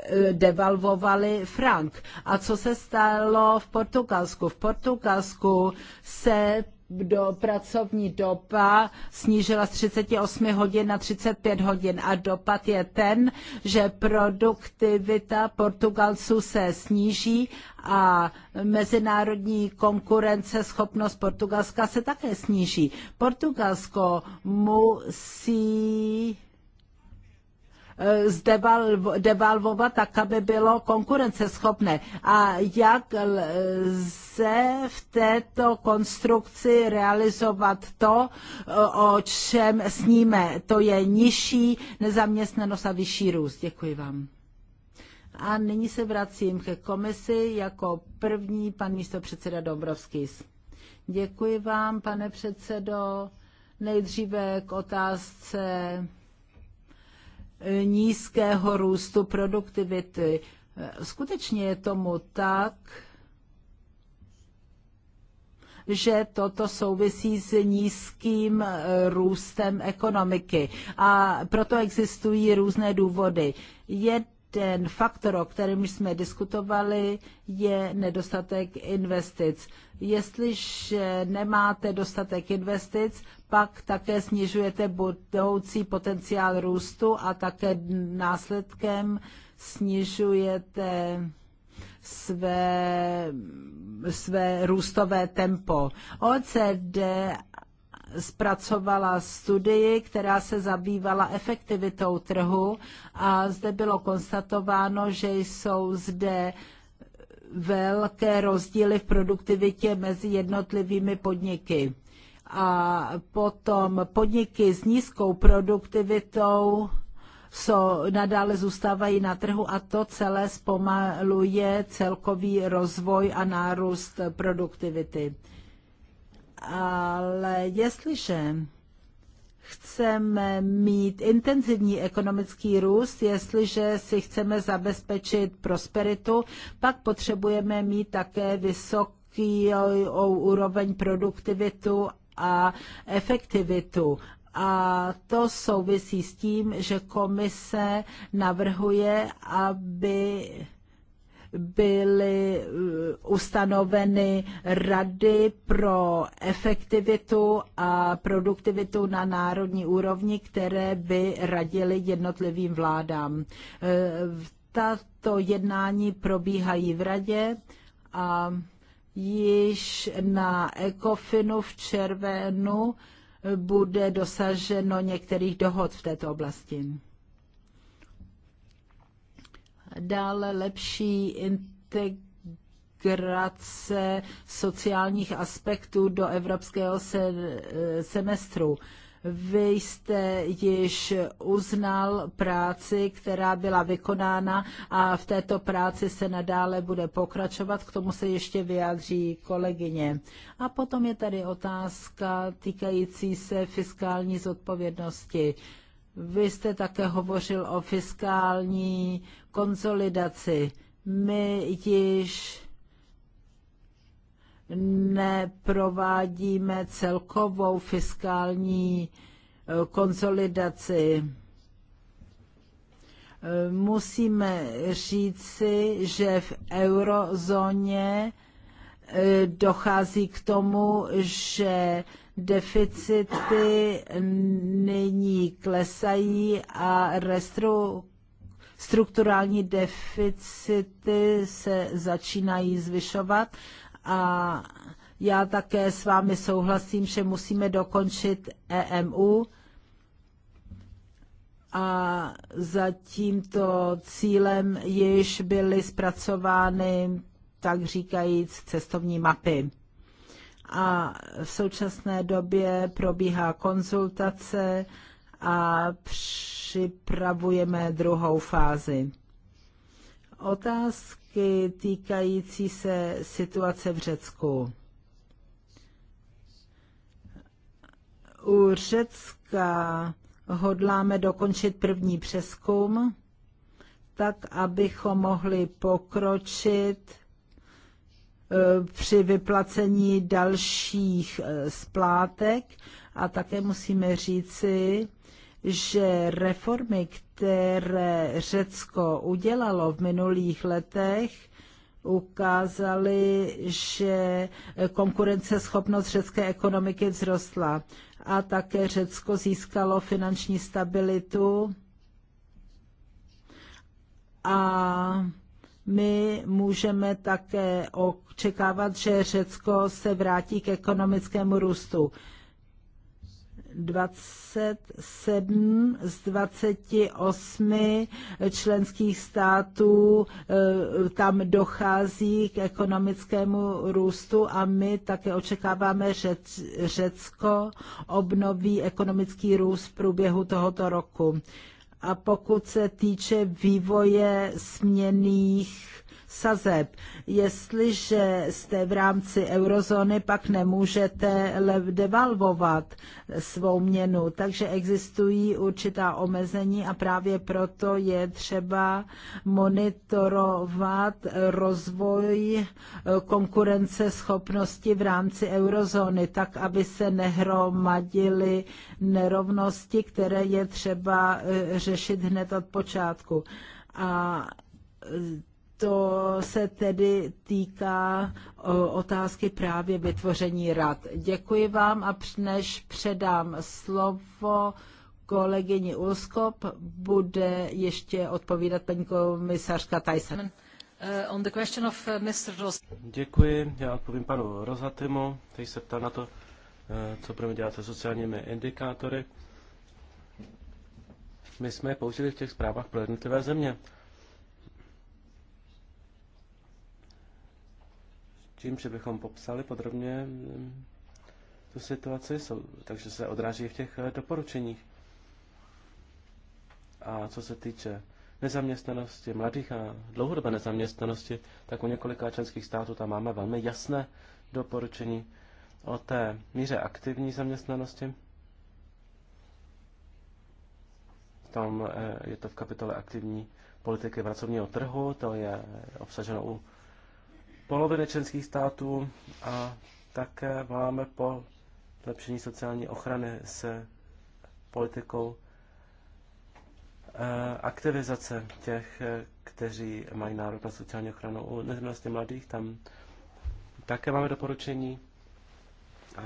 e, devalvovali frank. A co se stalo v Portugalsku? V Portugalsku se do pracovní doba snížila z 38 hodin na 35 hodin a dopad je ten, že produktivita Portugalců se sníží a mezinárodní konkurence, schopnost Portugalska se také sníží. Portugalsko musí Eh, zdevalvovat tak, aby bylo konkurenceschopné. A jak lze v této konstrukci realizovat to, eh, o čem sníme? To je nižší nezaměstnanost a vyšší růst. Děkuji vám. A nyní se vracím ke komisi jako první pan místo předseda Dobrovskis. Děkuji vám, pane předsedo. Nejdříve k otázce nízkého růstu produktivity. Skutečně je tomu tak, že toto souvisí s nízkým růstem ekonomiky. A proto existují různé důvody. Jed ten faktor, o kterém jsme diskutovali, je nedostatek investic. Jestliže nemáte dostatek investic, pak také snižujete budoucí potenciál růstu a také následkem snižujete své, své růstové tempo. OECD zpracovala studii, která se zabývala efektivitou trhu a zde bylo konstatováno, že jsou zde velké rozdíly v produktivitě mezi jednotlivými podniky. A potom podniky s nízkou produktivitou so, nadále zůstávají na trhu a to celé zpomaluje celkový rozvoj a nárůst produktivity. Ale jestliže chceme mít intenzivní ekonomický růst, jestliže si chceme zabezpečit prosperitu, pak potřebujeme mít také vysoký úroveň produktivitu a efektivitu. A to souvisí s tím, že komise navrhuje, aby byly eh, ustanoveny rady pro efektivitu a produktivitu na národní úrovni, které by radily jednotlivým vládám. Eh, tato jednání probíhají v radě a již na ECOFINu v červenu bude dosaženo některých dohod v této oblasti dále lepší integrace sociálních aspektů do evropského eh, semestru. Vy jste již uznal práci, která byla vykonána a v této práci se nadále bude pokračovat. K tomu se ještě vyjádří kolegyně. A potom je tady otázka týkající se fiskální zodpovědnosti. Vy jste také hovořil o fiskální konsolidaci. My již neprovádíme celkovou fiskální eh, konsolidaci. Musíme říci, že v eurozóně eh, dochází k tomu, že deficity nyní klesají a restru strukturální deficity se začínají zvyšovat a já také s vámi souhlasím, že musíme dokončit EMU a za tímto cílem již byly zpracovány, tak říkajíc, cestovní mapy. A v současné době probíhá konzultace a připravujeme druhou fázi. Otázky týkající se situace v Řecku. U Řecka hodláme dokončit první přeskum, tak abychom mohli pokročit e, při vyplacení dalších e, splátek a také musíme říci, že reformy, které Řecko udělalo v minulých letech, ukázaly, že konkurenceschopnost řecké ekonomiky vzrostla a také Řecko získalo finanční stabilitu a my můžeme také očekávat, že Řecko se vrátí k ekonomickému růstu. 27 z 28 členských států eh, tam dochází k ekonomickému růstu a my také očekáváme, že Řecko obnoví ekonomický růst v průběhu tohoto roku. A pokud se týče vývoje směných sazeb. Jestliže jste v rámci eurozóny, pak nemůžete devalvovat svou měnu, takže existují určitá omezení a právě proto je třeba monitorovat rozvoj konkurenceschopnosti v rámci eurozóny, tak aby se nehromadily nerovnosti, které je třeba eh, řešit hned od počátku. A eh, to se tedy týká otázky právě vytvoření rad. Děkuji vám a než předám slovo kolegyni Ulskop, bude ještě odpovídat paní komisařka Tyson. Uh, on the question of uh, Mr. Ros- Děkuji, já odpovím panu Rozatimu, který se ptal na to, uh, co budeme dělat se sociálními indikátory. My jsme je použili v těch zprávách pro jednotlivé země. tím, že bychom popsali podrobně mm, tu situaci, takže se odráží v těch eh, doporučeních. A co se týče nezaměstnanosti mladých a dlouhodobé nezaměstnanosti, tak u několika členských států tam máme velmi jasné doporučení o té míře aktivní zaměstnanosti. Tam eh, je to v kapitole aktivní politiky pracovního trhu, to je obsaženo u poloviny členských států a také voláme po zlepšení sociální ochrany s politikou eh, aktivizace těch, eh, kteří mají nárok na sociální ochranu. U nezrovnosti mladých tam také máme doporučení a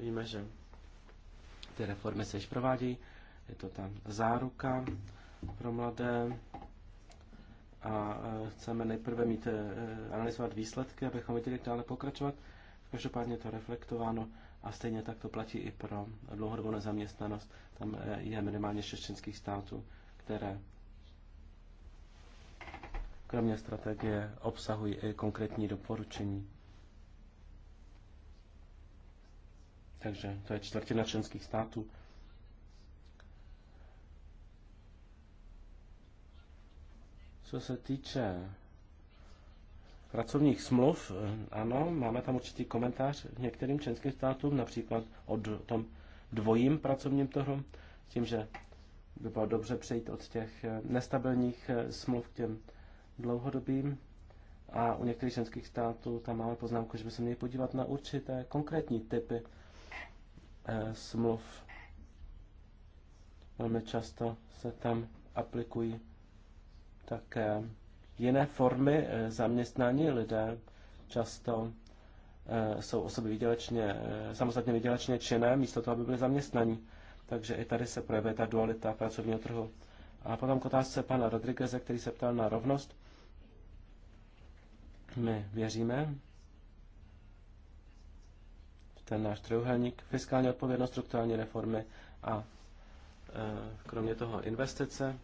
víme, že ty reformy se již provádí. Je to tam záruka pro mladé, a e, chceme nejprve mít e, analyzovat výsledky, abychom viděli, jak dále pokračovat. Každopádně to reflektováno a stejně tak to platí i pro dlouhodobou nezaměstnanost. Tam e, je minimálně šest států, které kromě strategie obsahují i konkrétní doporučení. Takže to je čtvrtina členských států. Co se týče pracovních smluv, ano, máme tam určitý komentář k některým členským státům, například o tom dvojím pracovním trhu, tím, že by bylo dobře přejít od těch eh, nestabilních eh, smluv k těm dlouhodobým. A u některých členských států tam máme poznámku, že by se měli podívat na určité konkrétní typy eh, smluv. Velmi často se tam aplikují také jiné formy eh, zaměstnání lidé často eh, jsou osoby výdělečně, eh, samostatně výdělečně činné, místo toho, aby byly zaměstnaní. Takže i tady se projevuje ta dualita pracovního trhu. A potom k otázce pana Rodrigueze, který se ptal na rovnost. My věříme v ten náš trojuhelník, fiskální odpovědnost, strukturální reformy a kromě toho investice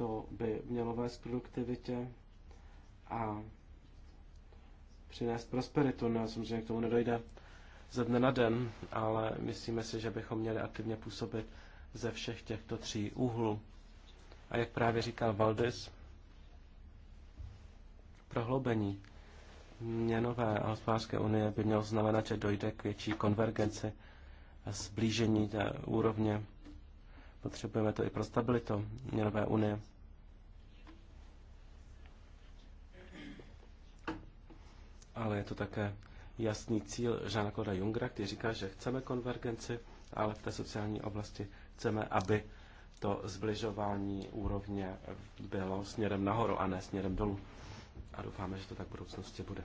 to by mělo vést produktivitě a přinést prosperitu. No, samozřejmě k tomu nedojde ze dne na den, ale myslíme si, že bychom měli aktivně působit ze všech těchto tří úhlů. A jak právě říkal Valdis, prohloubení měnové a hospodářské unie by mělo znamenat, že dojde k větší konvergenci a zblížení té úrovně. Potřebujeme to i pro stabilitu měnové unie. ale je to také jasný cíl Žána Koda Jungra, který říká, že chceme konvergenci, ale v té sociální oblasti chceme, aby to zbližování úrovně bylo směrem nahoru a ne směrem dolů. A doufáme, že to tak v budoucnosti bude.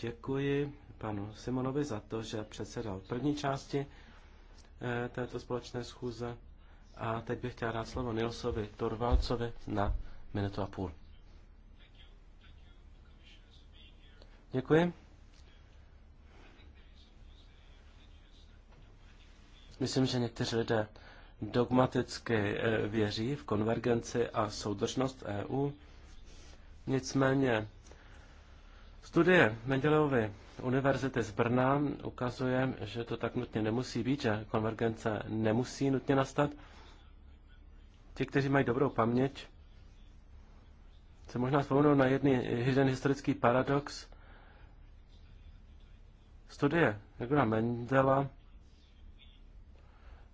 Děkuji panu Simonovi za to, že předsedal první části eh, této společné schůze. A teď bych chtěl dát slovo Nilsovi Torvalcovi na minutu a půl. Děkuji. Myslím, že někteří lidé dogmaticky eh, věří v konvergenci a soudržnost EU. Nicméně studie Mendelovy univerzity z Brna ukazuje, že to tak nutně nemusí být, že konvergence nemusí nutně nastat. Ti, kteří mají dobrou paměť, se možná vzpomínou na jedný, jeden historický paradox – Studie Jaguna Mendela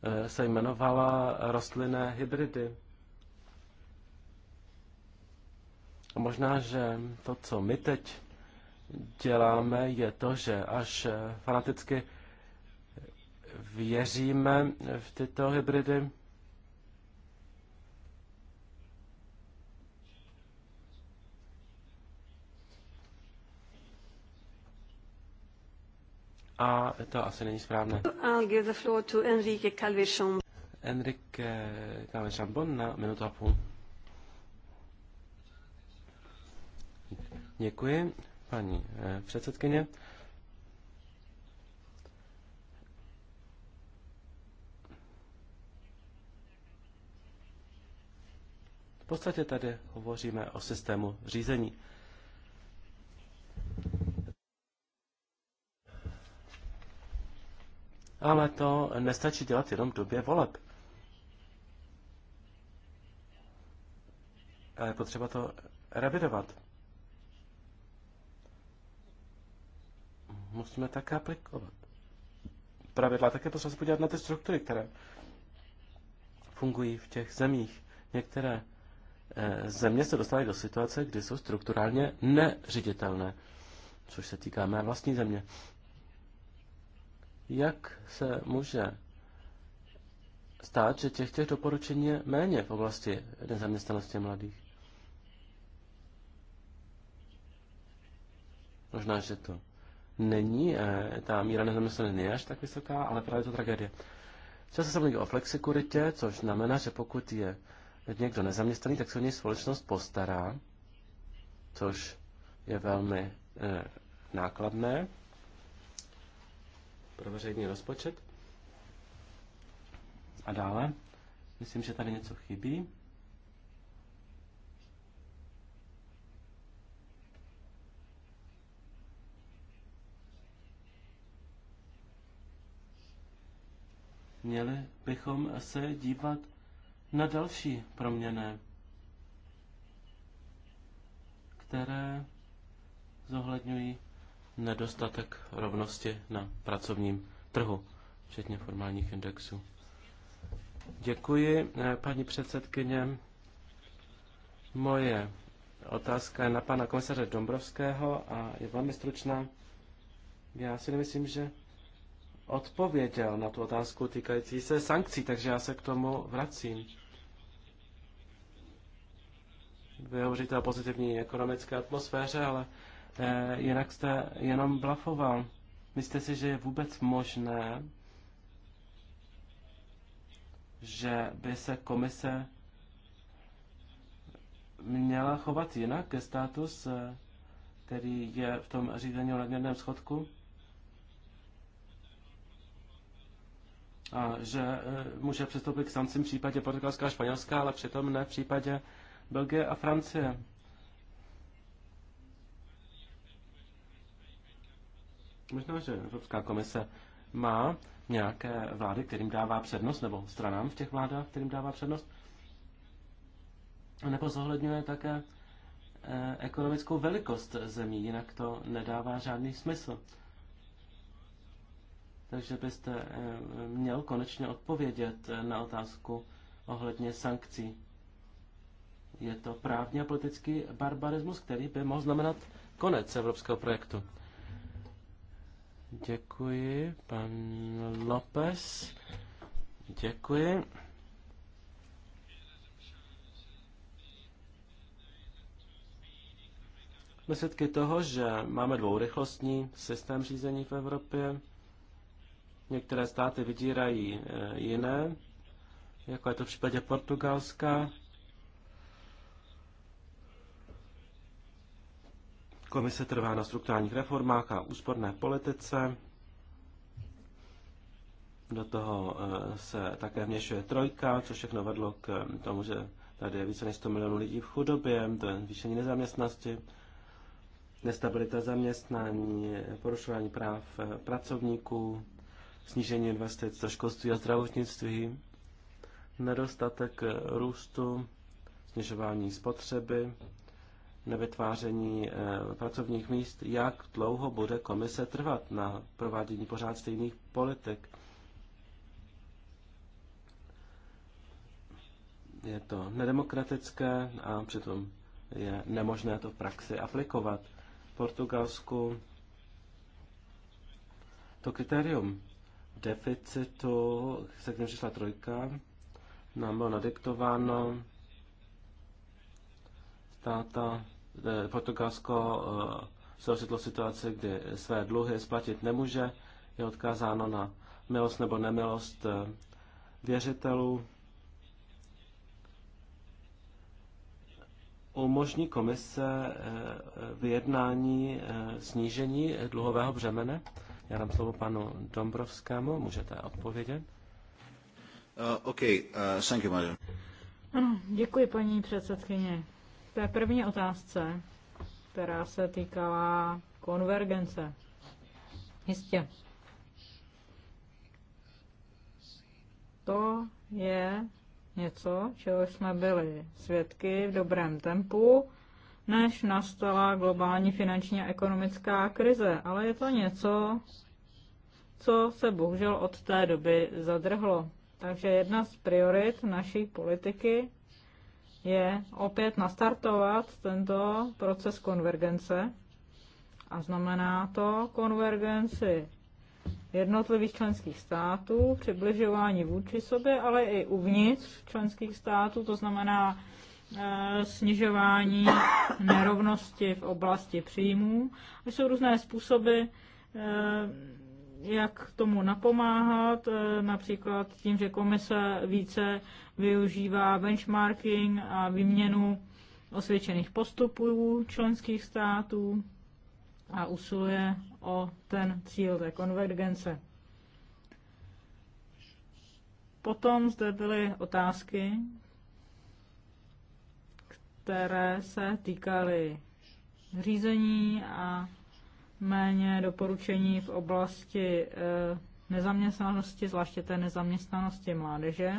eh, se jmenovala Rostlinné hybridy. A možná, že to, co my teď děláme, je to, že až eh, fanaticky věříme v tyto hybridy, a to asi není správné. I'll give the floor to Enrique Calvichon. Enrique Calvichon na minutu a půl. Děkuji, paní eh, předsedkyně. V podstatě tady hovoříme o systému řízení. ale to nestačí dělat jenom v době voleb. Ale je potřeba to revidovat. Musíme také aplikovat. Pravidla také potřeba se podívat na ty struktury, které fungují v těch zemích. Některé eh, země se dostaly do situace, kdy jsou strukturálně neřiditelné, což se týká mé vlastní země jak se může stát, že těch těch doporučení je méně v oblasti nezaměstnanosti mladých. Možná, že to není, eh, ta míra nezaměstnanosti není až tak vysoká, ale právě to tragédie. Často se mluví o flexikuritě, což znamená, že pokud je někdo nezaměstnaný, tak se o něj společnost postará, což je velmi e, nákladné pro veřejný rozpočet. A dále, myslím, že tady něco chybí. Měli bychom se dívat na další proměny, které zohledňují nedostatek rovnosti na pracovním trhu, včetně formálních indexů. Děkuji, eh, paní předsedkyně. Moje otázka je na pana komisaře Dombrovského a je velmi stručná. Já si nemyslím, že odpověděl na tu otázku týkající se sankcí, takže já se k tomu vracím. Vy hovoříte o pozitivní ekonomické atmosféře, ale Eh, jinak jste jenom blafoval. Myslíte si, že je vůbec možné, že by se komise měla chovat jinak ke status, eh, který je v tom řízení o nadměrném schodku? A že eh, může přistoupit k sankcím v případě Portugalska a Španělska, ale přitom ne v případě Belgie a Francie. Možná, že Evropská komise má nějaké vlády, kterým dává přednost, nebo stranám v těch vládách, kterým dává přednost, nebo zohledňuje také eh, ekonomickou velikost zemí, jinak to nedává žádný smysl. Takže byste eh, měl konečně odpovědět na otázku ohledně sankcí. Je to právně a politický barbarismus, který by mohl znamenat konec evropského projektu. Děkuji, pan Lopez, Děkuji. Jsme svědky toho, že máme dvourychlostní systém řízení v Evropě. Některé státy vydírají eh, jiné, jako je to v případě Portugalska. Komise trvá na strukturálních reformách a úsporné politice. Do toho eh, se také měšuje trojka, co všechno vedlo k eh, tomu, že tady je více než 100 milionů lidí v chudobě, to je zvýšení nezaměstnanosti, nestabilita zaměstnání, porušování práv eh, pracovníků, snížení investic do školství a zdravotnictví, nedostatek růstu, snižování spotřeby, nevytváření eh, pracovních míst, jak dlouho bude komise trvat na provádění pořád stejných politik. Je to nedemokratické a přitom je nemožné to v praxi aplikovat. V Portugalsku to kritérium deficitu, se kterým přišla trojka, nám bylo nadiktováno táta Portugalsko eh, se ocitlo situace, kdy své dluhy splatit nemůže, je odkázáno na milost nebo nemilost eh, věřitelů. Umožní komise eh, vyjednání snížení dluhového břemene? Já dám slovo panu Dombrovskému, můžete odpovědět. Uh, okay. uh, thank you, Ano, děkuji, paní předsedkyně té první otázce, která se týkala konvergence. Jistě. To je něco, čeho jsme byli svědky v dobrém tempu, než nastala globální finanční a ekonomická krize. Ale je to něco, co se bohužel od té doby zadrhlo. Takže jedna z priorit naší politiky je opět nastartovat tento proces konvergence a znamená to konvergenci jednotlivých členských států, přibližování vůči sobě, ale i uvnitř členských států, to znamená eh, snižování nerovnosti v oblasti příjmů. Jsou různé způsoby eh, jak tomu napomáhat, e, například tím, že komise více využívá benchmarking a výměnu osvědčených postupů členských států a usiluje o ten cíl té konvergence. Potom zde byly otázky, které se týkaly řízení a méně doporučení v oblasti eh, nezaměstnanosti, zvláště té nezaměstnanosti mládeže,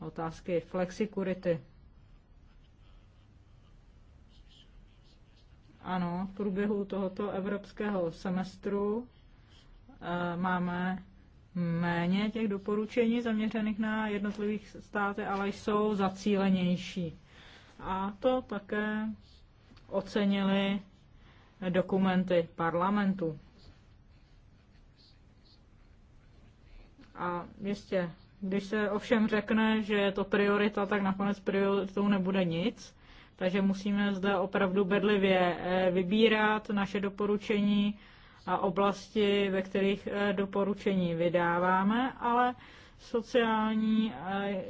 otázky flexikurity. Ano, v průběhu tohoto evropského semestru eh, máme méně těch doporučení zaměřených na jednotlivých státy, ale jsou zacílenější. A to také ocenili dokumenty parlamentu. A jistě, když se ovšem řekne, že je to priorita, tak nakonec prioritou nebude nic. Takže musíme zde opravdu bedlivě eh, vybírat naše doporučení a oblasti, ve kterých eh, doporučení vydáváme, ale Sociální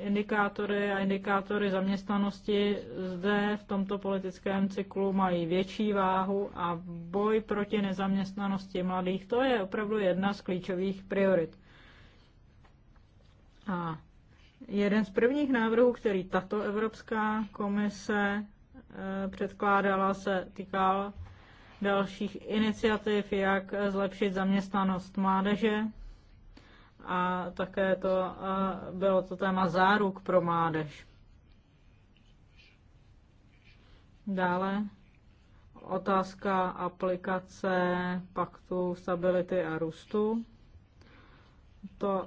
indikátory a indikátory zaměstnanosti zde v tomto politickém cyklu mají větší váhu a boj proti nezaměstnanosti mladých, to je opravdu jedna z klíčových priorit. A jeden z prvních návrhů, který tato Evropská komise e, předkládala, se týkal dalších iniciativ, jak zlepšit zaměstnanost mládeže a také to a bylo to téma záruk pro mládež. Dále otázka aplikace paktu stability a růstu. To,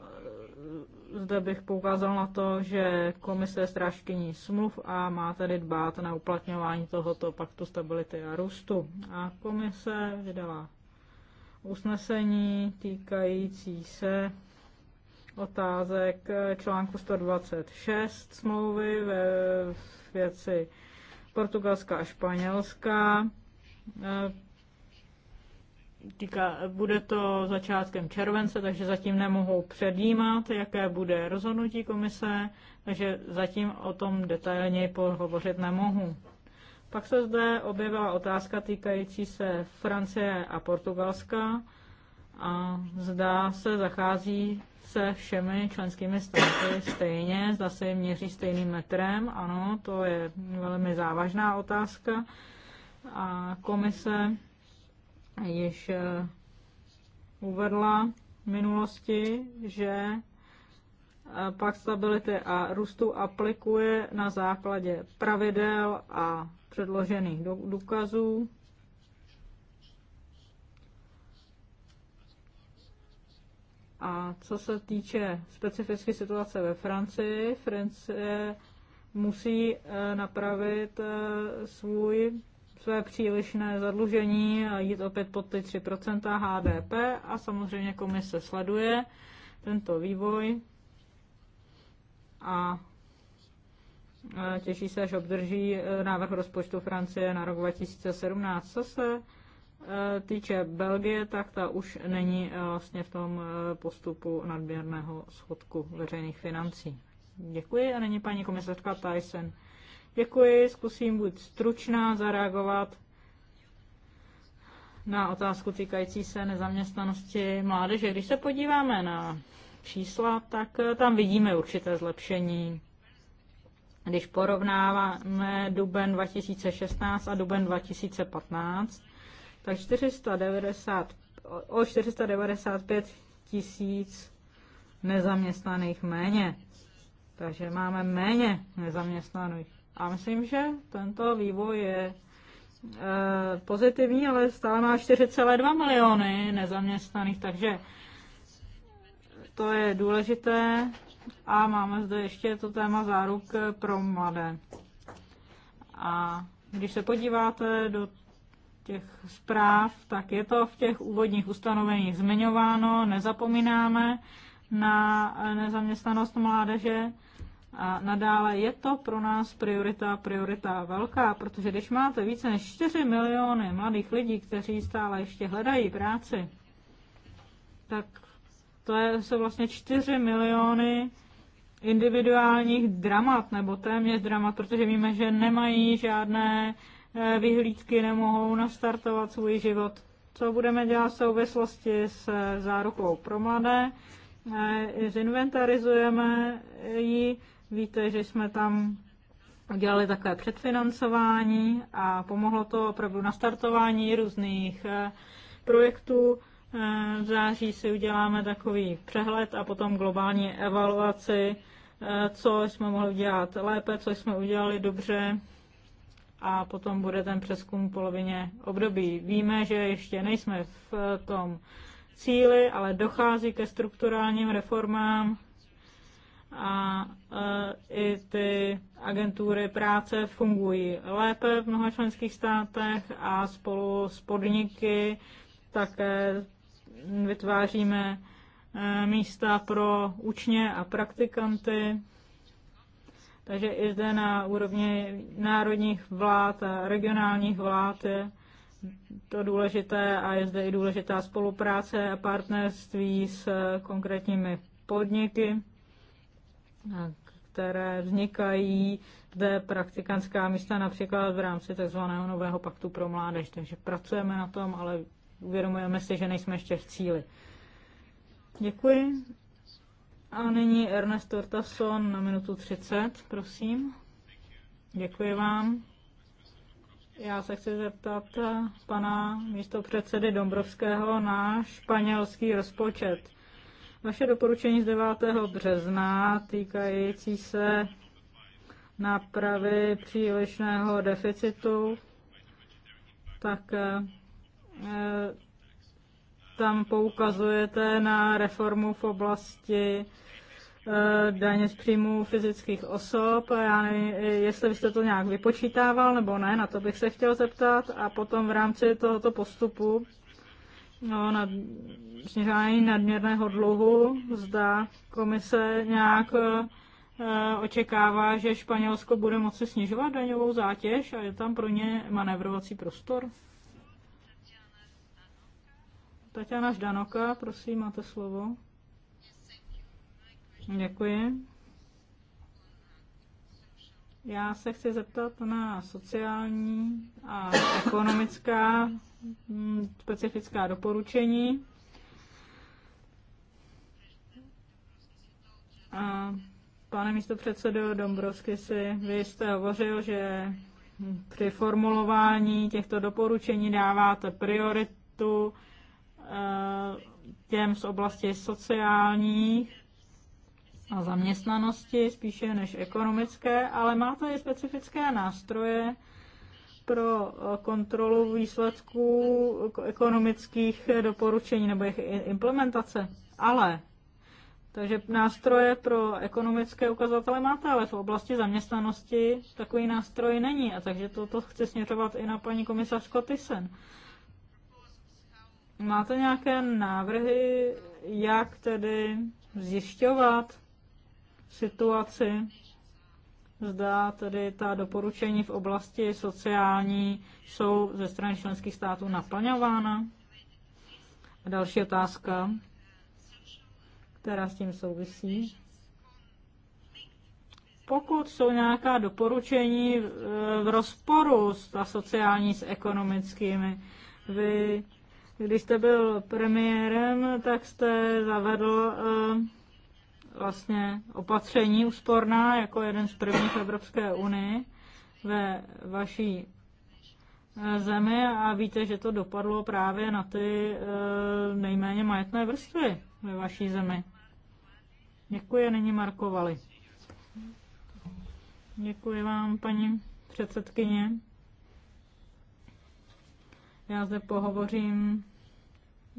zde bych poukázal na to, že komise je strážkyní smluv a má tedy dbát na uplatňování tohoto paktu stability a růstu. A komise vydala usnesení týkající se otázek eh, článku 126 smlouvy ve věci Portugalska a Španělska. Eh, týká, bude to začátkem července, takže zatím nemohou předjímat, jaké bude rozhodnutí komise, takže zatím o tom detailněji pohovořit nemohu. Pak se zde objevila otázka týkající se Francie a Portugalska a zdá se zachází se všemi členskými státy stejně, zda se jim měří stejným metrem. Ano, to je velmi závažná otázka. A komise již eh, uvedla v minulosti, že eh, Pak stability a růstu aplikuje na základě pravidel a předložených důkazů A co se týče specifické situace ve Francii, Francie musí eh, napravit eh, svůj, své přílišné zadlužení a jít opět pod ty 3% HDP a samozřejmě komise sleduje tento vývoj a eh, těší se, až obdrží návrh rozpočtu Francie na rok 2017. Co se E, týče Belgie, tak ta už není e, vlastně v tom e, postupu nadměrného schodku veřejných financí. Děkuji a není paní komisařka Tyson. Děkuji, zkusím buď stručná zareagovat na otázku týkající se nezaměstnanosti mládeže. Když se podíváme na čísla, tak tam vidíme určité zlepšení. Když porovnáváme duben 2016 a duben 2015, tak 490, o 495 tisíc nezaměstnaných méně. Takže máme méně nezaměstnaných. A myslím, že tento vývoj je e, pozitivní, ale stále má 4,2 miliony nezaměstnaných, takže to je důležité. A máme zde ještě to téma záruk pro mladé. A když se podíváte do těch zpráv, tak je to v těch úvodních ustanoveních zmiňováno. Nezapomínáme na nezaměstnanost mládeže. A nadále je to pro nás priorita, priorita velká, protože když máte více než 4 miliony mladých lidí, kteří stále ještě hledají práci, tak to je, se vlastně 4 miliony individuálních dramat, nebo téměř dramat, protože víme, že nemají žádné Eh, vyhlídky nemohou nastartovat svůj život. Co budeme dělat v souvislosti s eh, zárukou pro mladé? Eh, zinventarizujeme ji. Víte, že jsme tam udělali takové předfinancování a pomohlo to opravdu nastartování různých projektů. V září si uděláme takový přehled a potom globální evaluaci, co jsme mohli udělat lépe, co jsme udělali dobře a potom bude ten přeskum v polovině období. Víme, že ještě nejsme v tom cíli, ale dochází ke strukturálním reformám a e, i ty agentury práce fungují lépe v mnoha členských státech a spolu s podniky také vytváříme e, místa pro učně a praktikanty takže i zde na úrovni národních vlád a regionálních vlád je to důležité a je zde i důležitá spolupráce a partnerství s konkrétními podniky, které vznikají zde praktikantská místa například v rámci tzv. nového paktu pro mládež. Takže pracujeme na tom, ale uvědomujeme si, že nejsme ještě v cíli. Děkuji. A nyní Ernest Ortason na minutu 30, prosím. Děkuji vám. Já se chci zeptat pana předsedy Dombrovského na španělský rozpočet. Vaše doporučení z 9. března týkající se nápravy přílišného deficitu, tak eh, tam poukazujete na reformu v oblasti eh, daně z příjmu fyzických osob. Já nevím, jestli byste to nějak vypočítával nebo ne, na to bych se chtěl zeptat. A potom v rámci tohoto postupu no, na snižování nadměrného dluhu, zda komise nějak eh, očekává, že Španělsko bude moci snižovat daňovou zátěž a je tam pro ně manevrovací prostor? Tatiana Ždanoka, prosím, máte slovo. Děkuji. Já se chci zeptat na sociální a ekonomická mm, specifická doporučení. A pane předsedo Dombrovsky, si, vy jste hovořil, že při formulování těchto doporučení dáváte prioritu Eh, těm z oblasti sociální a zaměstnanosti spíše než ekonomické, ale má to i specifické nástroje pro eh, kontrolu výsledků ekonomických doporučení nebo jejich implementace. Ale takže nástroje pro ekonomické ukazatele máte, ale v oblasti zaměstnanosti takový nástroj není. A takže toto chci směřovat i na paní komisařko Tysen. Máte nějaké návrhy, jak tedy zjišťovat situaci? Zda tedy ta doporučení v oblasti sociální jsou ze strany členských států naplňována? A další otázka, která s tím souvisí. Pokud jsou nějaká doporučení e, v rozporu s ta sociální s ekonomickými, vy když jste byl premiérem, tak jste zavedl eh, vlastně opatření úsporná jako jeden z prvních Evropské unii ve vaší eh, zemi a víte, že to dopadlo právě na ty eh, nejméně majetné vrstvy ve vaší zemi. Děkuji, není markovali. Děkuji vám, paní předsedkyně. Já zde pohovořím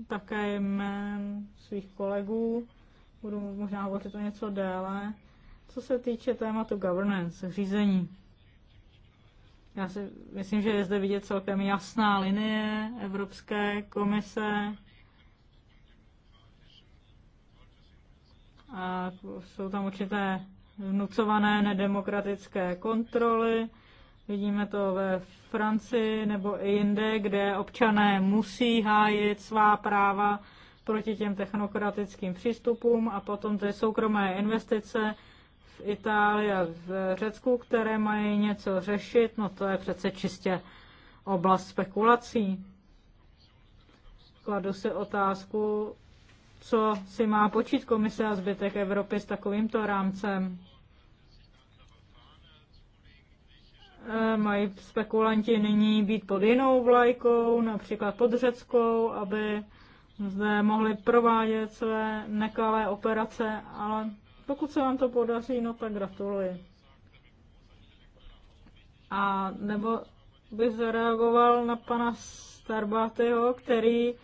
také jmén svých kolegů, budu možná hovořit o něco déle. Co se týče tématu governance, řízení, já si myslím, že je zde vidět celkem jasná linie Evropské komise. A jsou tam určité vnucované nedemokratické kontroly, Vidíme to ve Francii nebo i jinde, kde občané musí hájit svá práva proti těm technokratickým přístupům a potom ty soukromé investice v Itálii a v Řecku, které mají něco řešit, no to je přece čistě oblast spekulací. Kladu si otázku, co si má počít komise a zbytek Evropy s takovýmto rámcem. Eh, mají spekulanti nyní být pod jinou vlajkou, například pod řeckou, aby zde mohli provádět své nekalé operace, ale pokud se vám to podaří, no tak gratuluji. A nebo bych zareagoval na pana Starbatyho, který eh,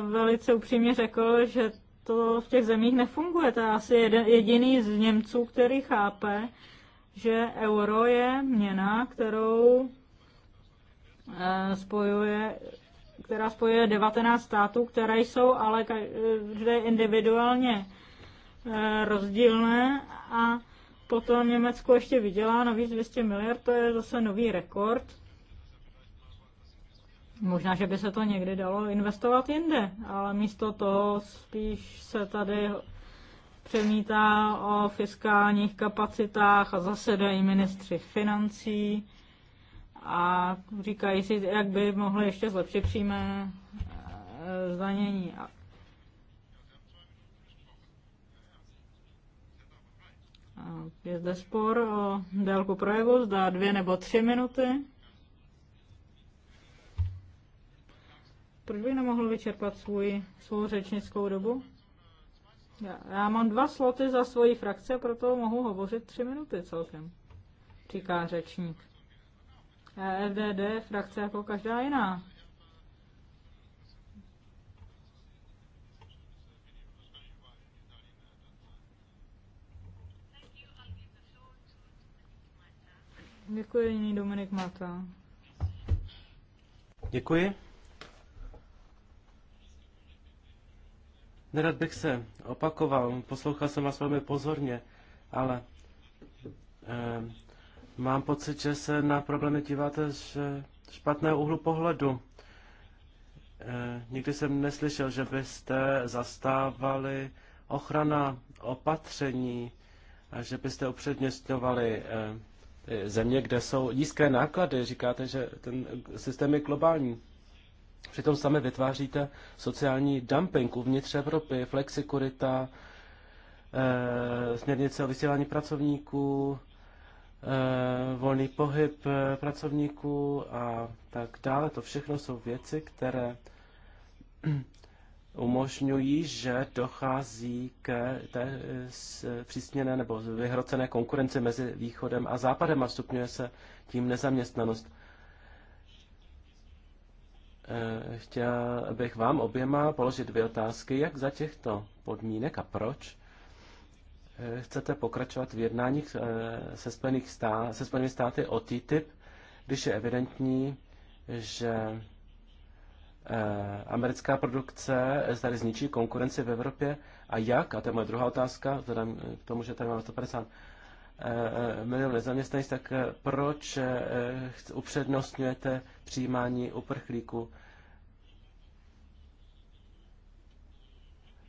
velice upřímně řekl, že to v těch zemích nefunguje. To je asi jeden, jediný z Němců, který chápe, že euro je měna, kterou eh, spojuje která spojuje 19 států, které jsou ale každé eh, individuálně eh, rozdílné a potom Německo ještě vydělá navíc 200 miliard, to je zase nový rekord. Možná, že by se to někdy dalo investovat jinde, ale místo toho spíš se tady přemítá o fiskálních kapacitách a zasedají ministři financí a říkají si, jak by mohli ještě zlepšit přímé eh, zdanění. Je zde spor o délku projevu, zda dvě nebo tři minuty. Proč by nemohl vyčerpat svůj, svou řečnickou dobu? Já, já mám dva sloty za svoji frakce, proto mohu hovořit tři minuty celkem, říká řečník. EFDD e je frakce jako každá jiná. Děkuji, Dominik Mata. Děkuji. Nerad bych se opakoval, poslouchal jsem vás velmi pozorně, ale eh, mám pocit, že se na problémy díváte z špatného úhlu pohledu. Eh, nikdy jsem neslyšel, že byste zastávali ochrana opatření a že byste upřednostňovali eh, země, kde jsou nízké náklady. Říkáte, že ten systém je globální. Přitom sami vytváříte sociální dumping uvnitř Evropy, flexikurita, e, směrnice o vysílání pracovníků, e, volný pohyb eh, pracovníků a tak dále. To všechno jsou věci, které umožňují, že dochází k té přísněné nebo vyhrocené konkurenci mezi východem a západem a stupňuje se tím nezaměstnanost. Eh, chtěl bych vám oběma položit dvě otázky, jak za těchto podmínek a proč eh, chcete pokračovat v jednáních eh, se, Spojených stá, se Spojenými státy o TTIP, když je evidentní, že americká produkce tady zničí konkurenci v Evropě a jak, a to je moje druhá otázka, vzhledem k tomu, že tady máme 150 milion nezaměstnaných, tak eh, proč eh, upřednostňujete přijímání uprchlíků?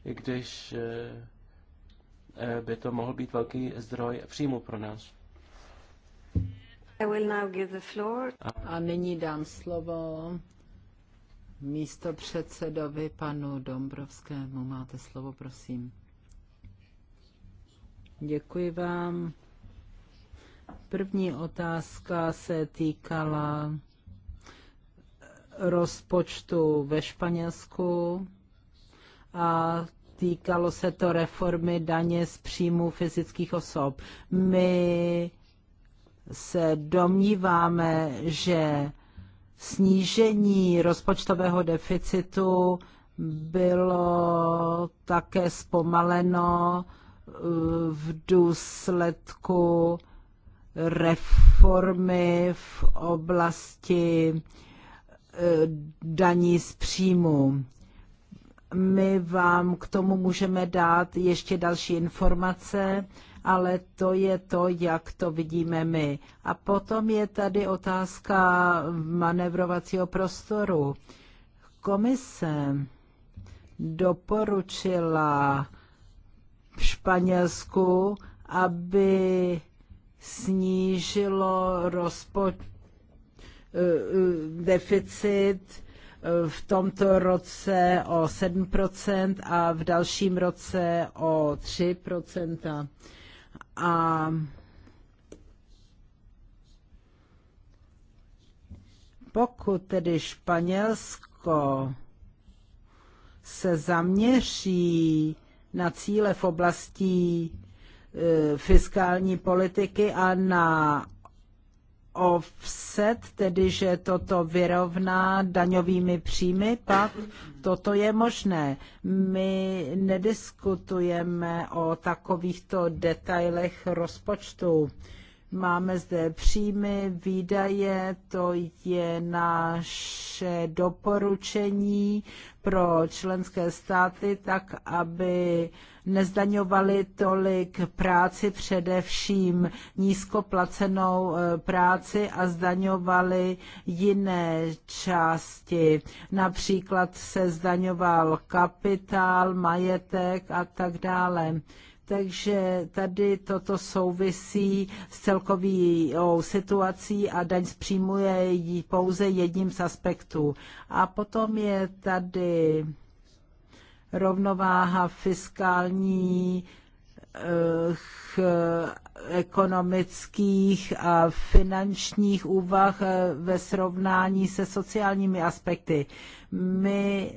I když eh, by to mohl být velký zdroj příjmu pro nás. I will now give the floor. A nyní dám slovo místo předsedovi panu Dombrovskému. Máte slovo, prosím. Děkuji vám. První otázka se týkala eh, rozpočtu ve Španělsku a týkalo se to reformy daně z příjmů fyzických osob. My se domníváme, že snížení rozpočtového deficitu bylo také zpomaleno eh, v důsledku reformy v oblasti eh, daní z příjmu. My vám k tomu můžeme dát ještě další informace, ale to je to, jak to vidíme my. A potom je tady otázka manevrovacího prostoru. Komise doporučila Španělsku, aby snížilo rozpo eh, eh, deficit eh, v tomto roce o 7% a v dalším roce o 3%. A pokud tedy Španělsko se zaměří na cíle v oblasti Eh, fiskální politiky a na offset, tedy že toto vyrovná daňovými příjmy, pak toto je možné. My nediskutujeme o takovýchto detailech rozpočtu. Máme zde příjmy, výdaje, to je naše doporučení pro členské státy, tak aby nezdaňovali tolik práci, především nízkoplacenou eh, práci a zdaňovali jiné části. Například se zdaňoval kapitál, majetek a tak dále. Takže tady toto souvisí s celkovou situací a daň z příjmu je pouze jedním z aspektů. A potom je tady rovnováha fiskální eh, ekonomických a finančních úvah eh, ve srovnání se sociálními aspekty. My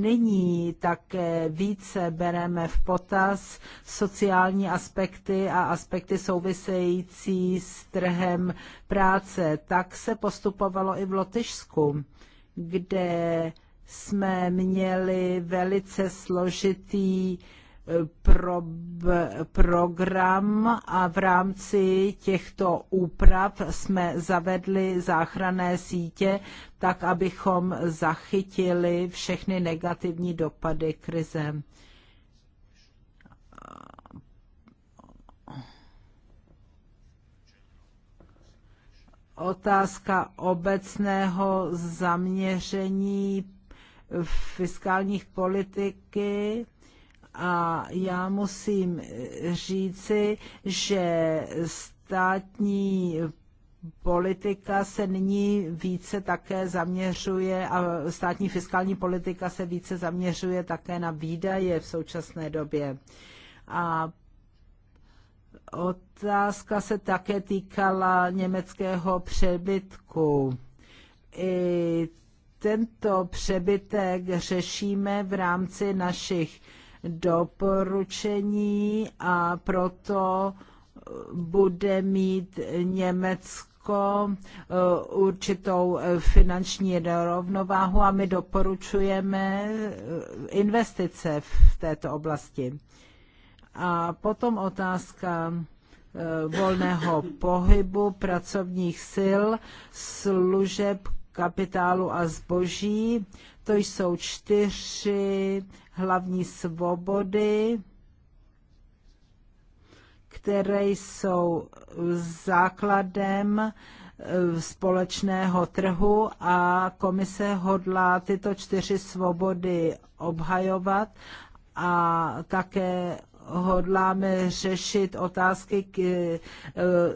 nyní také více bereme v potaz sociální aspekty a aspekty související s trhem práce. Tak se postupovalo i v Lotyšsku, kde jsme měli velice složitý eh, pro, program a v rámci těchto úprav jsme zavedli záchranné sítě, tak abychom zachytili všechny negativní dopady krize. Otázka obecného zaměření fiskálních politiky a já musím říci, že státní politika se nyní více také zaměřuje a státní fiskální politika se více zaměřuje také na výdaje v současné době. A otázka se také týkala německého přebytku. I tento přebytek řešíme v rámci našich doporučení a proto eh, bude mít Německo eh, určitou eh, finanční rovnováhu a my doporučujeme investice v této oblasti. A potom otázka volného pohybu pracovních sil, služeb kapitálu a zboží. To jsou čtyři hlavní svobody, které jsou základem eh, společného trhu a komise hodlá tyto čtyři svobody obhajovat a také hodláme řešit otázky k e,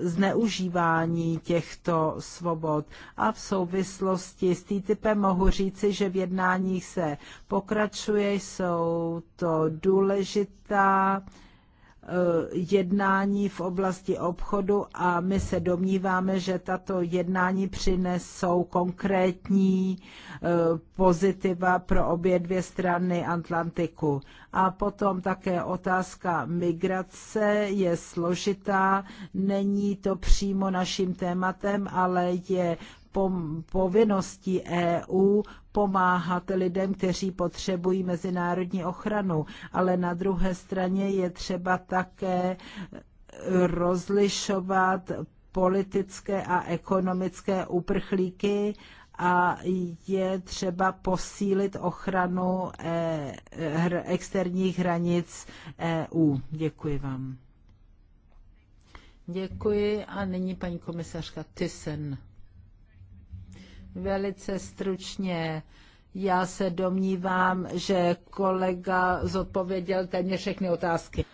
zneužívání těchto svobod. A v souvislosti s TTIPem mohu říci, že v jednáních se pokračuje, jsou to důležitá Eh, jednání v oblasti obchodu a my se domníváme, že tato jednání přinesou konkrétní eh, pozitiva pro obě dvě strany Atlantiku. A potom také otázka migrace je složitá, není to přímo naším tématem, ale je povinností EU pomáhat lidem, kteří potřebují mezinárodní ochranu, ale na druhé straně je třeba také rozlišovat politické a ekonomické uprchlíky a je třeba posílit ochranu eh, externích hranic EU. Děkuji vám. Děkuji a nyní paní komisařka Tysen. Velice stručně. Já se domnívám, že kolega zodpověděl téměř všechny otázky.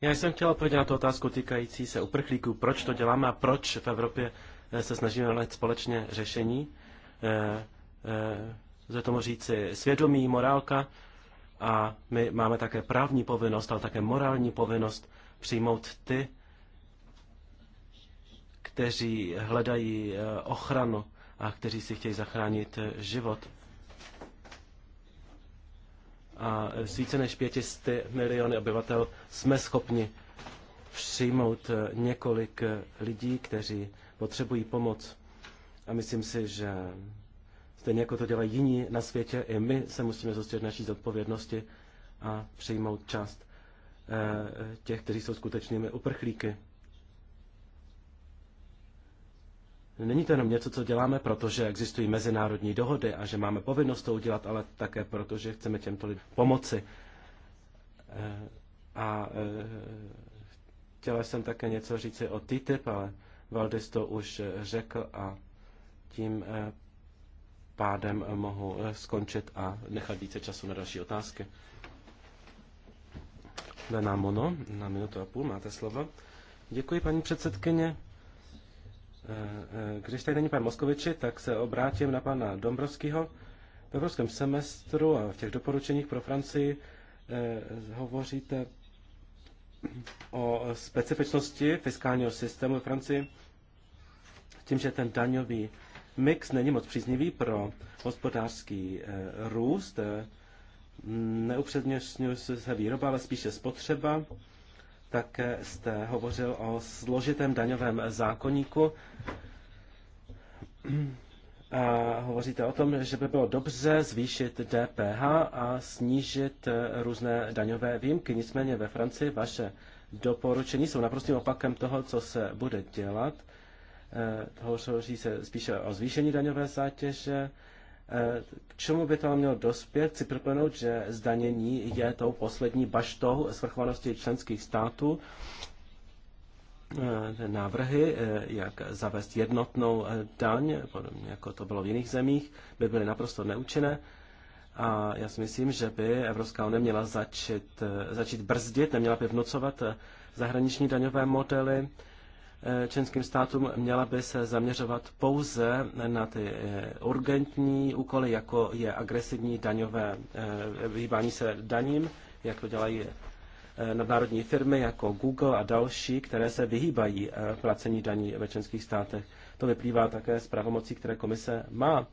Já jsem chtěla odpovědět na tu otázku týkající se uprchlíků. Proč to děláme a proč v Evropě eh, se snažíme najít společně řešení? Eh, eh, lze tomu říci svědomí, morálka a my máme také právní povinnost, ale také morální povinnost přijmout ty, kteří hledají ochranu a kteří si chtějí zachránit eh, život. A s více než 500 miliony obyvatel jsme schopni přijmout eh, několik eh, lidí, kteří potřebují pomoc. A myslím si, že stejně jako to dělají jiní na světě, i my se musíme zostět naší zodpovědnosti a přijmout část těch, kteří jsou skutečnými uprchlíky. Není to jenom něco, co děláme, protože existují mezinárodní dohody a že máme povinnost to udělat, ale také proto, že chceme těmto lidem pomoci. Eh, a eh, chtěla jsem také něco říci o TTIP, ale Valdis to už řekl a tím eh, pádem mohu skončit a nechat více času na další otázky. Lená Mono, na minutu a půl máte slovo. Děkuji, paní předsedkyně. Když tady není pan Moskoviči, tak se obrátím na pana Dombrovského. V evropském semestru a v těch doporučeních pro Francii eh, hovoříte o specifičnosti fiskálního systému v Francii, tím, že ten daňový mix není moc příznivý pro hospodářský eh, růst. Eh, neupřednostňuje se výroba, ale spíše spotřeba. Také jste hovořil o složitém daňovém zákoníku. A hovoříte o tom, že by bylo dobře zvýšit DPH a snížit různé daňové výjimky. Nicméně ve Francii vaše doporučení jsou naprostým opakem toho, co se bude dělat. Eh, hovoří se spíše o zvýšení daňové zátěže Eh, k čemu by to mělo dospět? Chci připomenout, že zdanění je tou poslední baštou svrchovanosti členských států. Eh, návrhy, eh, jak zavést jednotnou daň, podobně jako to bylo v jiných zemích, by byly naprosto neúčinné. A já si myslím, že by Evropská unie měla začít, začít brzdit, neměla by vnucovat zahraniční daňové modely Eh, členským státům, měla by se zaměřovat pouze na ty eh, urgentní úkoly, jako je agresivní daňové eh, vyhýbání se daním, jak to dělají nadnárodní firmy jako Google a další, které se vyhýbají placení daní ve členských státech. To vyplývá také z pravomocí, které komise má.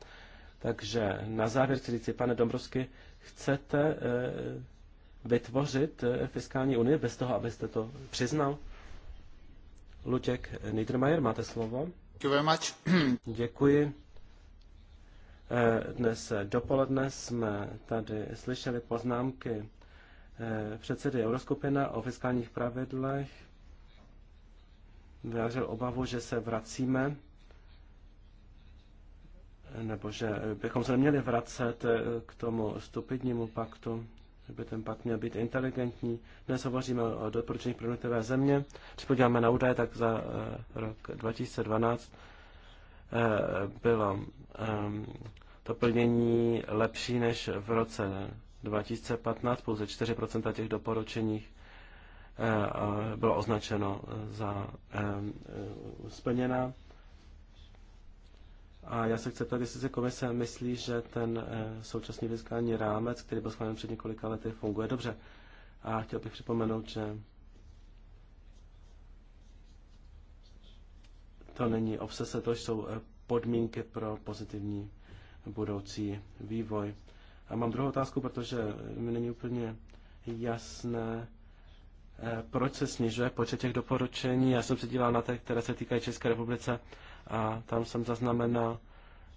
Takže na závěr chci říct, pane Dombrovsky, chcete vytvořit fiskální unii bez toho, abyste to přiznal? Luděk Niedermayer, máte slovo. Děkuji. Eh, dnes dopoledne jsme tady slyšeli poznámky eh, předsedy Euroskupina o fiskálních pravidlech. Vyjádřil obavu, že se vracíme nebo že bychom se neměli vracet eh, k tomu stupidnímu paktu by ten pak měl být inteligentní. Dnes hovoříme o doporučení pro jednotlivé země. Když podíváme na údaje, tak za eh, rok 2012 eh, bylo eh, to plnění lepší než v roce 2015. Pouze 4% těch doporučeních bylo označeno za splněná. A já se chci ptát, jestli se komise myslí, že ten eh, současný fiskální rámec, který byl schválen před několika lety, funguje dobře. A chtěl bych připomenout, že to není obsese, to jsou eh, podmínky pro pozitivní budoucí vývoj. A mám druhou otázku, protože mi není úplně jasné, eh, proč se snižuje počet těch doporučení. Já jsem se díval na ty, které se týkají České republice a tam jsem zaznamenal,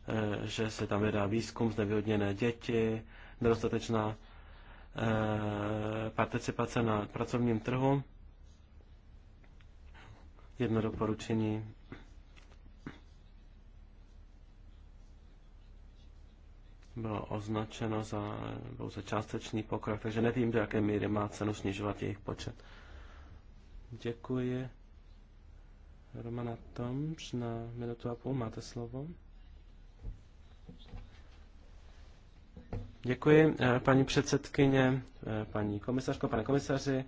eh, že se tam vydá výzkum nevyhodněné děti, nedostatečná eh, participace na pracovním trhu. Jedno doporučení. bylo označeno za pouze částečný pokrok, takže nevím, do jaké míry má cenu snižovat jejich počet. Děkuji. Romana Tomš na minutu a půl. Máte slovo. Děkuji, eh, paní předsedkyně, eh, paní komisařko, pane komisaři.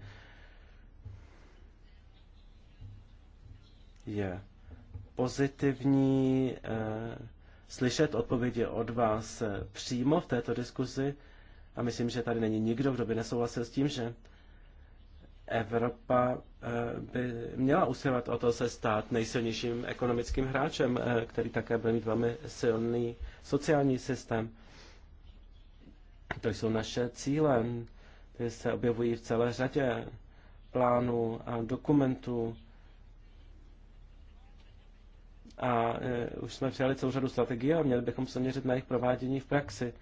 Je pozitivní eh, slyšet odpovědi od vás přímo v této diskuzi a myslím, že tady není nikdo, kdo by nesouhlasil s tím, že Evropa eh, by měla usilovat o to se stát nejsilnějším ekonomickým hráčem, eh, který také bude mít velmi silný sociální systém. To jsou naše cíle, ty se objevují v celé řadě plánů a dokumentů. A eh, už jsme přijali celou řadu strategií a měli bychom se měřit na jejich provádění v praxi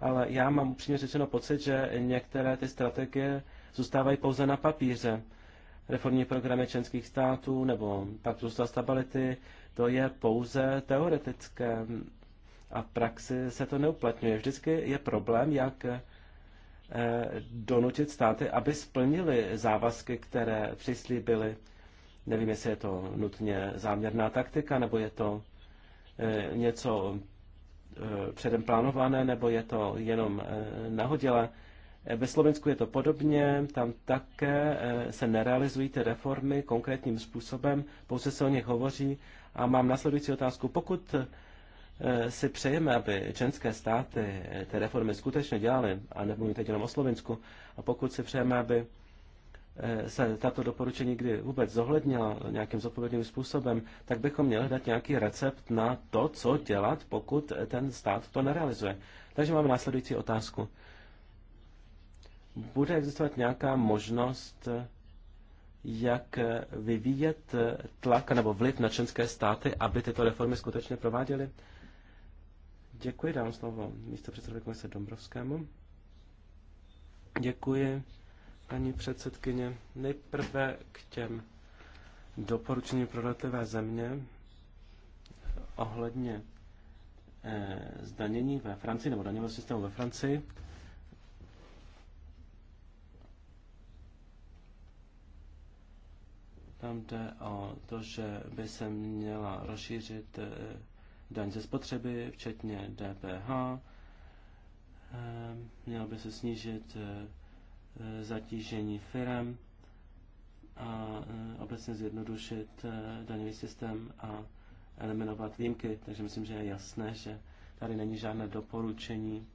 ale já mám upřímně řečeno pocit, že některé ty strategie zůstávají pouze na papíře. Reformní programy členských států nebo pak růstu stability, to je pouze teoretické a v praxi se to neuplatňuje. Vždycky je problém, jak eh, donutit státy, aby splnili závazky, které přislíbily. Nevím, jestli je to nutně záměrná taktika, nebo je to eh, něco Eh, předem plánované, nebo je to jenom eh, nahodilé. Eh, ve Slovensku je to podobně, tam také se nerealizují ty reformy konkrétním způsobem, pouze se o nich hovoří. A mám následující otázku. Pokud si přejeme, aby členské státy ty reformy skutečně dělaly, a nebudu teď jenom o Slovensku, a pokud si přejeme, aby Eh, se tato doporučení kdy vůbec zohlednila nějakým zodpovědným způsobem, tak bychom měli dát nějaký recept na to, co dělat, pokud ten stát to nerealizuje. Takže máme následující otázku. Bude existovat nějaká možnost, eh, jak vyvíjet eh, tlak nebo vliv na členské státy, aby tyto reformy skutečně prováděly? Děkuji, dám slovo místo předsedovi komise Dombrovskému. Děkuji paní předsedkyně. Nejprve k těm doporučení pro letové země ohledně eh, zdanění ve Francii nebo daňového systému ve Francii. Tam jde o to, že by se měla rozšířit eh, daň ze spotřeby, včetně DPH. Eh, měla by se snížit eh, Eh, zatížení firem a eh, obecně zjednodušit eh, daňový systém a eliminovat výjimky. Takže myslím, že je jasné, že tady není žádné doporučení,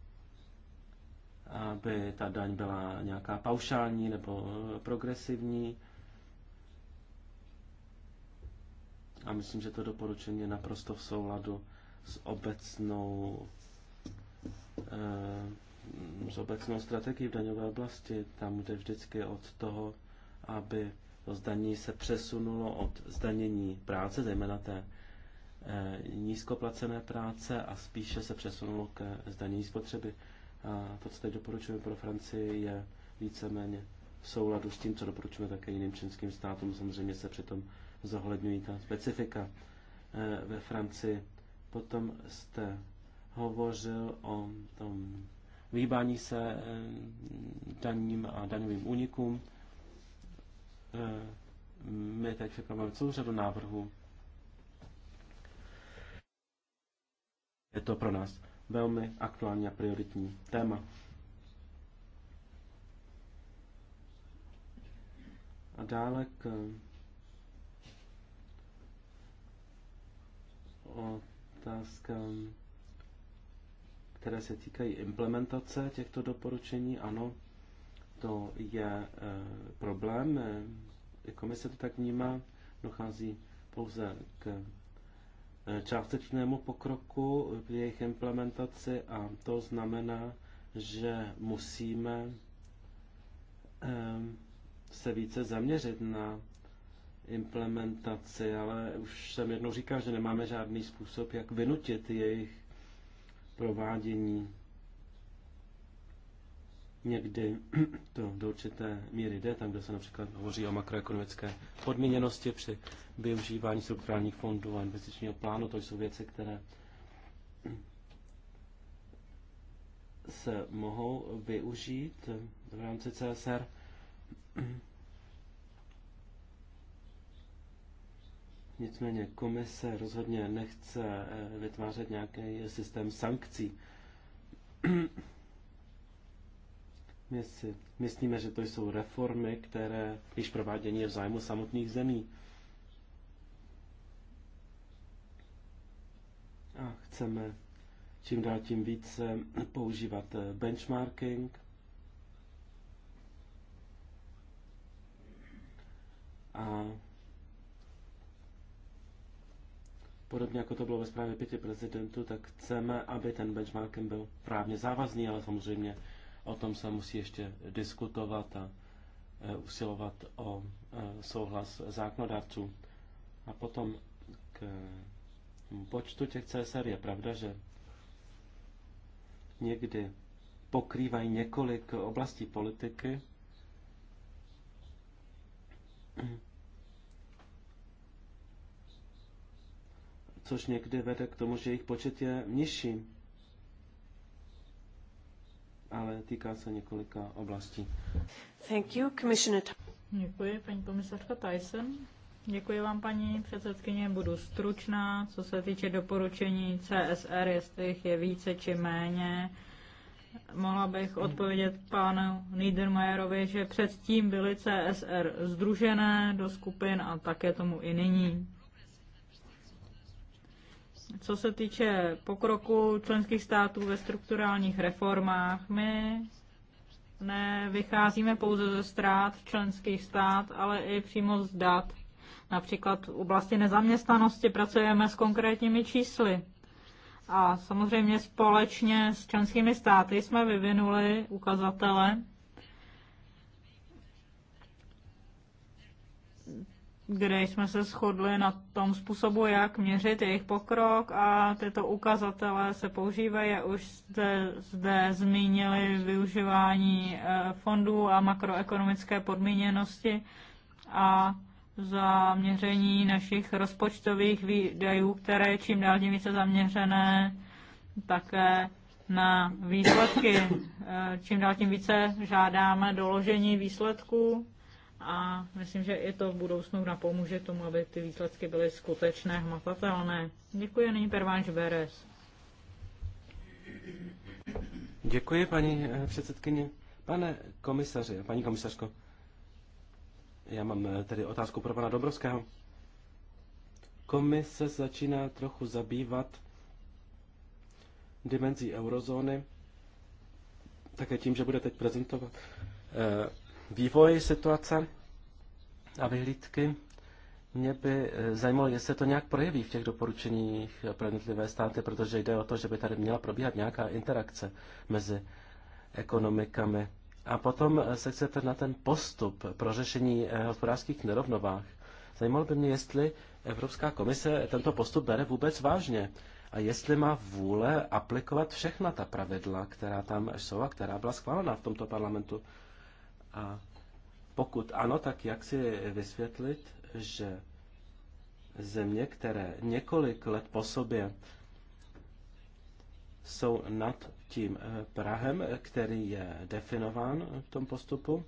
aby ta daň byla nějaká paušální nebo progresivní. A myslím, že to doporučení je naprosto v souladu s obecnou eh, z obecnou strategií v daňové oblasti. Tam jde vždycky od toho, aby to zdanění se přesunulo od zdanění práce, zejména té eh, nízkoplacené práce a spíše se přesunulo ke zdanění spotřeby. A to, co teď doporučujeme pro Francii, je víceméně v souladu s tím, co doporučujeme také jiným členským státům. Samozřejmě se přitom zohledňují ta specifika eh, ve Francii. Potom jste hovořil o tom vyhýbání se eh, daním a daňovým únikům. Eh, my teď připravujeme celou řadu návrhů. Je to pro nás velmi aktuální a prioritní téma. A dále k eh, otázkám které se týkají implementace těchto doporučení. Ano, to je eh, problém. Eh, komise to tak vnímá, dochází pouze k eh, částečnému pokroku v jejich implementaci a to znamená, že musíme se více zaměřit na implementaci, ale už jsem jednou říkal, že nemáme žádný způsob, jak vynutit jejich provádění. Někdy to do určité míry jde, tam, kde se například hovoří o makroekonomické podmíněnosti při využívání strukturálních fondů a investičního plánu. To jsou věci, které se mohou využít v rámci CSR Nicméně komise rozhodně nechce eh, vytvářet nějaký systém sankcí. My si myslíme, že to jsou reformy, které již provádění je v zájmu samotných zemí. A chceme čím dál tím více používat eh, benchmarking, a Podobně jako to bylo ve zprávě pěti prezidentů, tak chceme, aby ten benchmarking byl právně závazný, ale samozřejmě o tom se musí ještě diskutovat a e, usilovat o e, souhlas zákonodárců. A potom k počtu těch CSR je pravda, že někdy pokrývají několik oblastí politiky. což někdy vede k tomu, že jejich počet je nižší. Ale týká se několika oblastí. Thank you, Commissioner. Děkuji, paní komisařka Tyson. Děkuji vám, paní předsedkyně. Budu stručná, co se týče doporučení CSR, jestli jich je více či méně. Mohla bych odpovědět pánu Niedermayerovi, že předtím byly CSR združené do skupin a také tomu i nyní co se týče pokroku členských států ve strukturálních reformách, my nevycházíme pouze ze ztrát členských stát, ale i přímo z dat. Například v oblasti nezaměstnanosti pracujeme s konkrétními čísly. A samozřejmě společně s členskými státy jsme vyvinuli ukazatele, kde jsme se shodli na tom způsobu, jak měřit jejich pokrok a tyto ukazatele se používají. Už jste zde zmínili využívání eh, fondů a makroekonomické podmíněnosti a za měření našich rozpočtových výdajů, které je čím dál tím více zaměřené také na výsledky. Eh, čím dál tím více žádáme doložení výsledků a myslím, že i to v budoucnu napomůže tomu, aby ty výsledky byly skutečné, hmatatelné. Děkuji, nyní Perváč Beres. Děkuji, paní eh, předsedkyně. Pane komisaři, paní komisařko, já mám eh, tedy otázku pro pana Dobrovského. Komise začíná trochu zabývat dimenzí eurozóny, také tím, že bude teď prezentovat eh, vývoj situace a vyhlídky. Mě by eh, zajímalo, jestli se to nějak projeví v těch doporučeních pro jednotlivé státy, protože jde o to, že by tady měla probíhat nějaká interakce mezi ekonomikami. A potom eh, se chcete na ten postup pro řešení eh, hospodářských nerovnovách. Zajímalo by mě, jestli Evropská komise tento postup bere vůbec vážně a jestli má vůle aplikovat všechna ta pravidla, která tam jsou a která byla schválena v tomto parlamentu. A pokud ano, tak jak si vysvětlit, že země, které několik let po sobě jsou nad tím eh, Prahem, který je definován v tom postupu,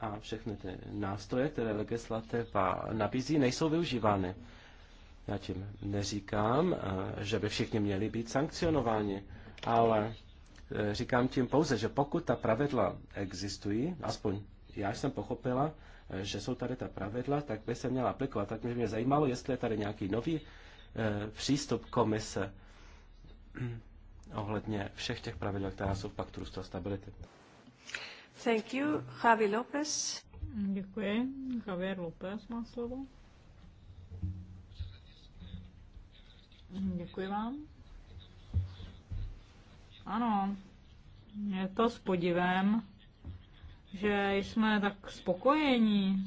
a všechny ty nástroje, které legislativa nabízí, nejsou využívány. Já tím neříkám, eh, že by všichni měli být sankcionováni, ale Eh, říkám tím pouze, že pokud ta pravidla existují, aspoň já jsem pochopila, eh, že jsou tady ta pravidla, tak by se měla aplikovat. Tak mě, mě zajímalo, jestli je tady nějaký nový eh, přístup komise ohledně všech těch pravidel, která jsou v Paktu růstu a stability. Thank you. Javi López. Děkuji. Javier López má slovo. Děkuji vám. Ano, je to s podivem, že jsme tak spokojení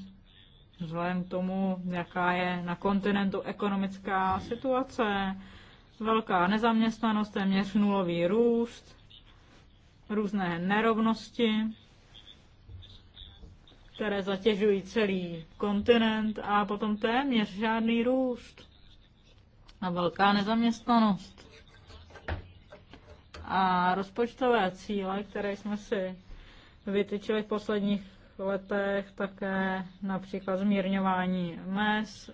vzhledem k tomu, jaká je na kontinentu ekonomická situace, velká nezaměstnanost, téměř nulový růst, různé nerovnosti, které zatěžují celý kontinent a potom téměř žádný růst a velká nezaměstnanost a rozpočtové cíle, které jsme si vytyčili v posledních letech, také například zmírňování mest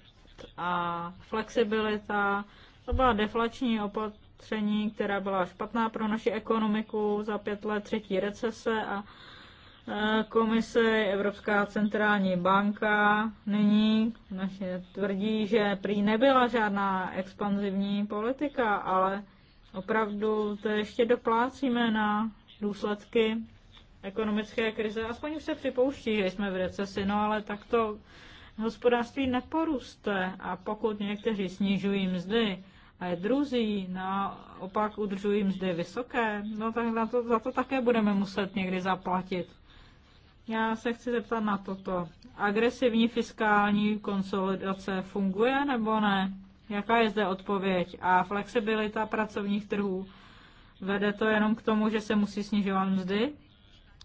a flexibilita. To byla deflační opatření, která byla špatná pro naši ekonomiku za pět let, třetí recese a eh, komise, Evropská centrální banka nyní naše tvrdí, že prý nebyla žádná expanzivní politika, ale Opravdu to ještě doplácíme na důsledky ekonomické krize. Aspoň už se připouští, že jsme v recesi, no ale tak to hospodářství neporuste a pokud někteří snižují mzdy a je druzí naopak udržují mzdy vysoké, no tak na to, za to také budeme muset někdy zaplatit. Já se chci zeptat na toto. Agresivní fiskální konsolidace funguje nebo ne? Jaká je zde odpověď? A flexibilita pracovních trhů. Vede to jenom k tomu, že se musí snižovat mzdy?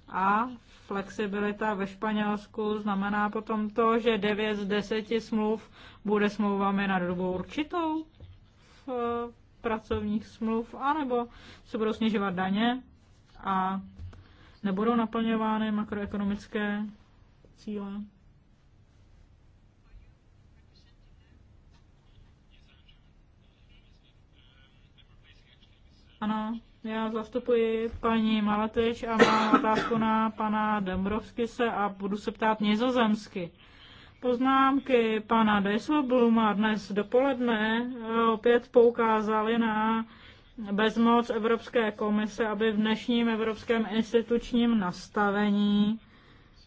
A flexibilita ve Španělsku znamená potom to, že 9 z 10 smluv bude smlouvami na dobu určitou v eh, pracovních smluv, anebo se budou snižovat daně a nebudou naplňovány makroekonomické cíle. Ano, já zastupuji paní Maletič a mám otázku na pana Dombrovskise a budu se ptát nizozemsky. Poznámky pana Dijsselbluma dnes dopoledne eh, opět poukázaly na bezmoc Evropské komise, aby v dnešním evropském institučním nastavení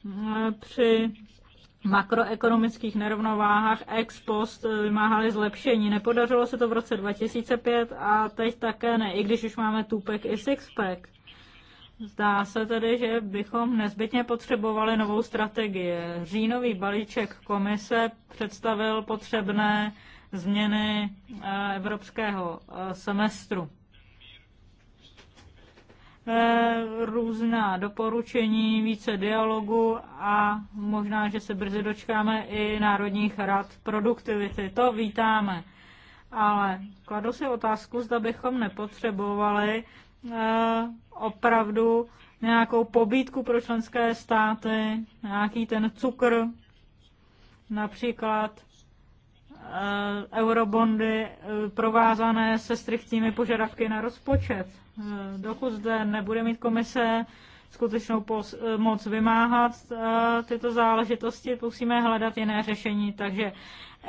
eh, při makroekonomických nerovnováhách ex post eh, vymáhali zlepšení. Nepodařilo se to v roce 2005 a teď také ne, i když už máme tupek i sixpack. Zdá se tedy, že bychom nezbytně potřebovali novou strategii. Říjnový balíček komise představil potřebné změny eh, evropského eh, semestru. Eh, různá doporučení, více dialogu a možná, že se brzy dočkáme i Národních rad produktivity. To vítáme. Ale kladu si otázku, zda bychom nepotřebovali eh, opravdu nějakou pobídku pro členské státy, nějaký ten cukr, například Eh, eurobondy eh, provázané se striktními požadavky na rozpočet. Eh, dokud zde nebude mít komise skutečnou moc vymáhat tyto záležitosti, musíme hledat jiné řešení. Takže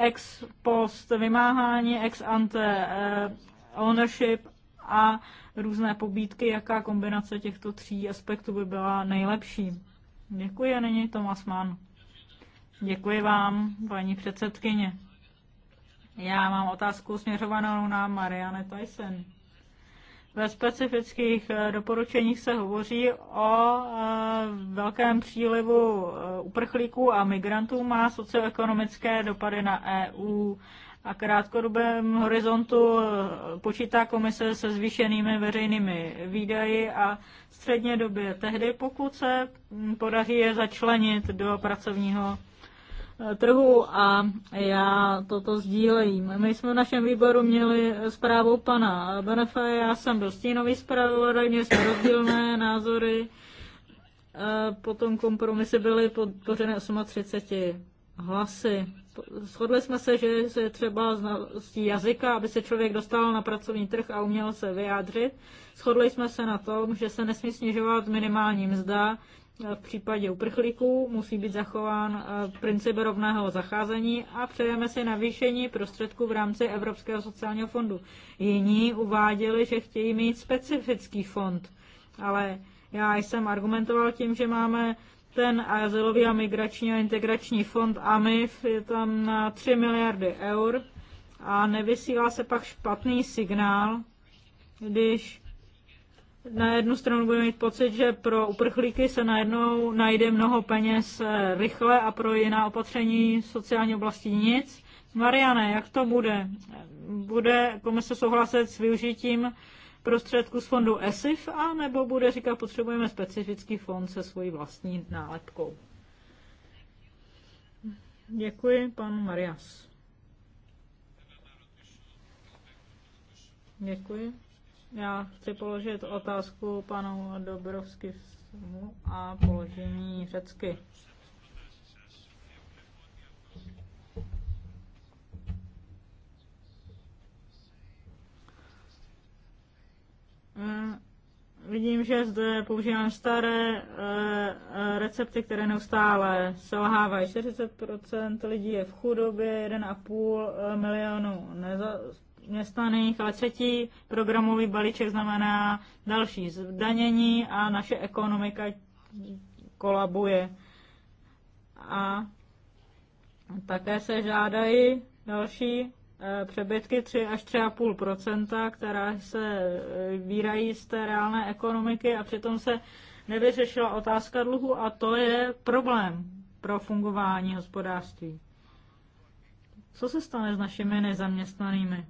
ex post vymáhání, ex ante ownership a různé pobídky, jaká kombinace těchto tří aspektů by byla nejlepší. Děkuji a není Tomas Mann. Děkuji vám, paní předsedkyně. Já mám otázku směřovanou na Marianne Tyson. Ve specifických eh, doporučeních se hovoří o eh, velkém přílivu eh, uprchlíků a migrantů má socioekonomické dopady na EU a krátkodobém horizontu počítá komise se zvýšenými veřejnými výdaji a středně době tehdy, pokud se hm, podaří je začlenit do pracovního trhu a já toto sdílím. My jsme v našem výboru měli zprávu pana Benefe, já jsem byl stínový zpravodaj, měli jsme rozdílné názory, potom kompromisy byly podpořené 38 hlasy. Shodli jsme se, že se třeba znalostí jazyka, aby se člověk dostal na pracovní trh a uměl se vyjádřit. Shodli jsme se na tom, že se nesmí snižovat minimální mzda, v případě uprchlíků musí být zachován eh, princip rovného zacházení a přejeme si navýšení prostředků v rámci Evropského sociálního fondu. Jiní uváděli, že chtějí mít specifický fond, ale já jsem argumentoval tím, že máme ten azylový a migrační a integrační fond AMIF je tam na 3 miliardy eur a nevysílá se pak špatný signál, když na jednu stranu budeme mít pocit, že pro uprchlíky se najednou najde mnoho peněz eh, rychle a pro jiná opatření sociální oblasti nic. Mariane, jak to bude? Bude komise souhlasit s využitím prostředků z fondu ESIF, a nebo bude říkat, potřebujeme specifický fond se svojí vlastní nálepkou? Děkuji, pan Marias. Děkuji. Já chci položit otázku panu Dobrovskému a položení řecky. Eh, vidím, že zde používám staré eh, eh, recepty, které neustále selhávají. 40% lidí je v chudobě, 1,5 milionu nezas zaměstnaných, ale třetí programový balíček znamená další zdanění a naše ekonomika kolabuje. A také se žádají další eh, přebytky 3 až 3,5 která se eh, výrají z té reálné ekonomiky a přitom se nevyřešila otázka dluhu a to je problém pro fungování hospodářství. Co se stane s našimi nezaměstnanými?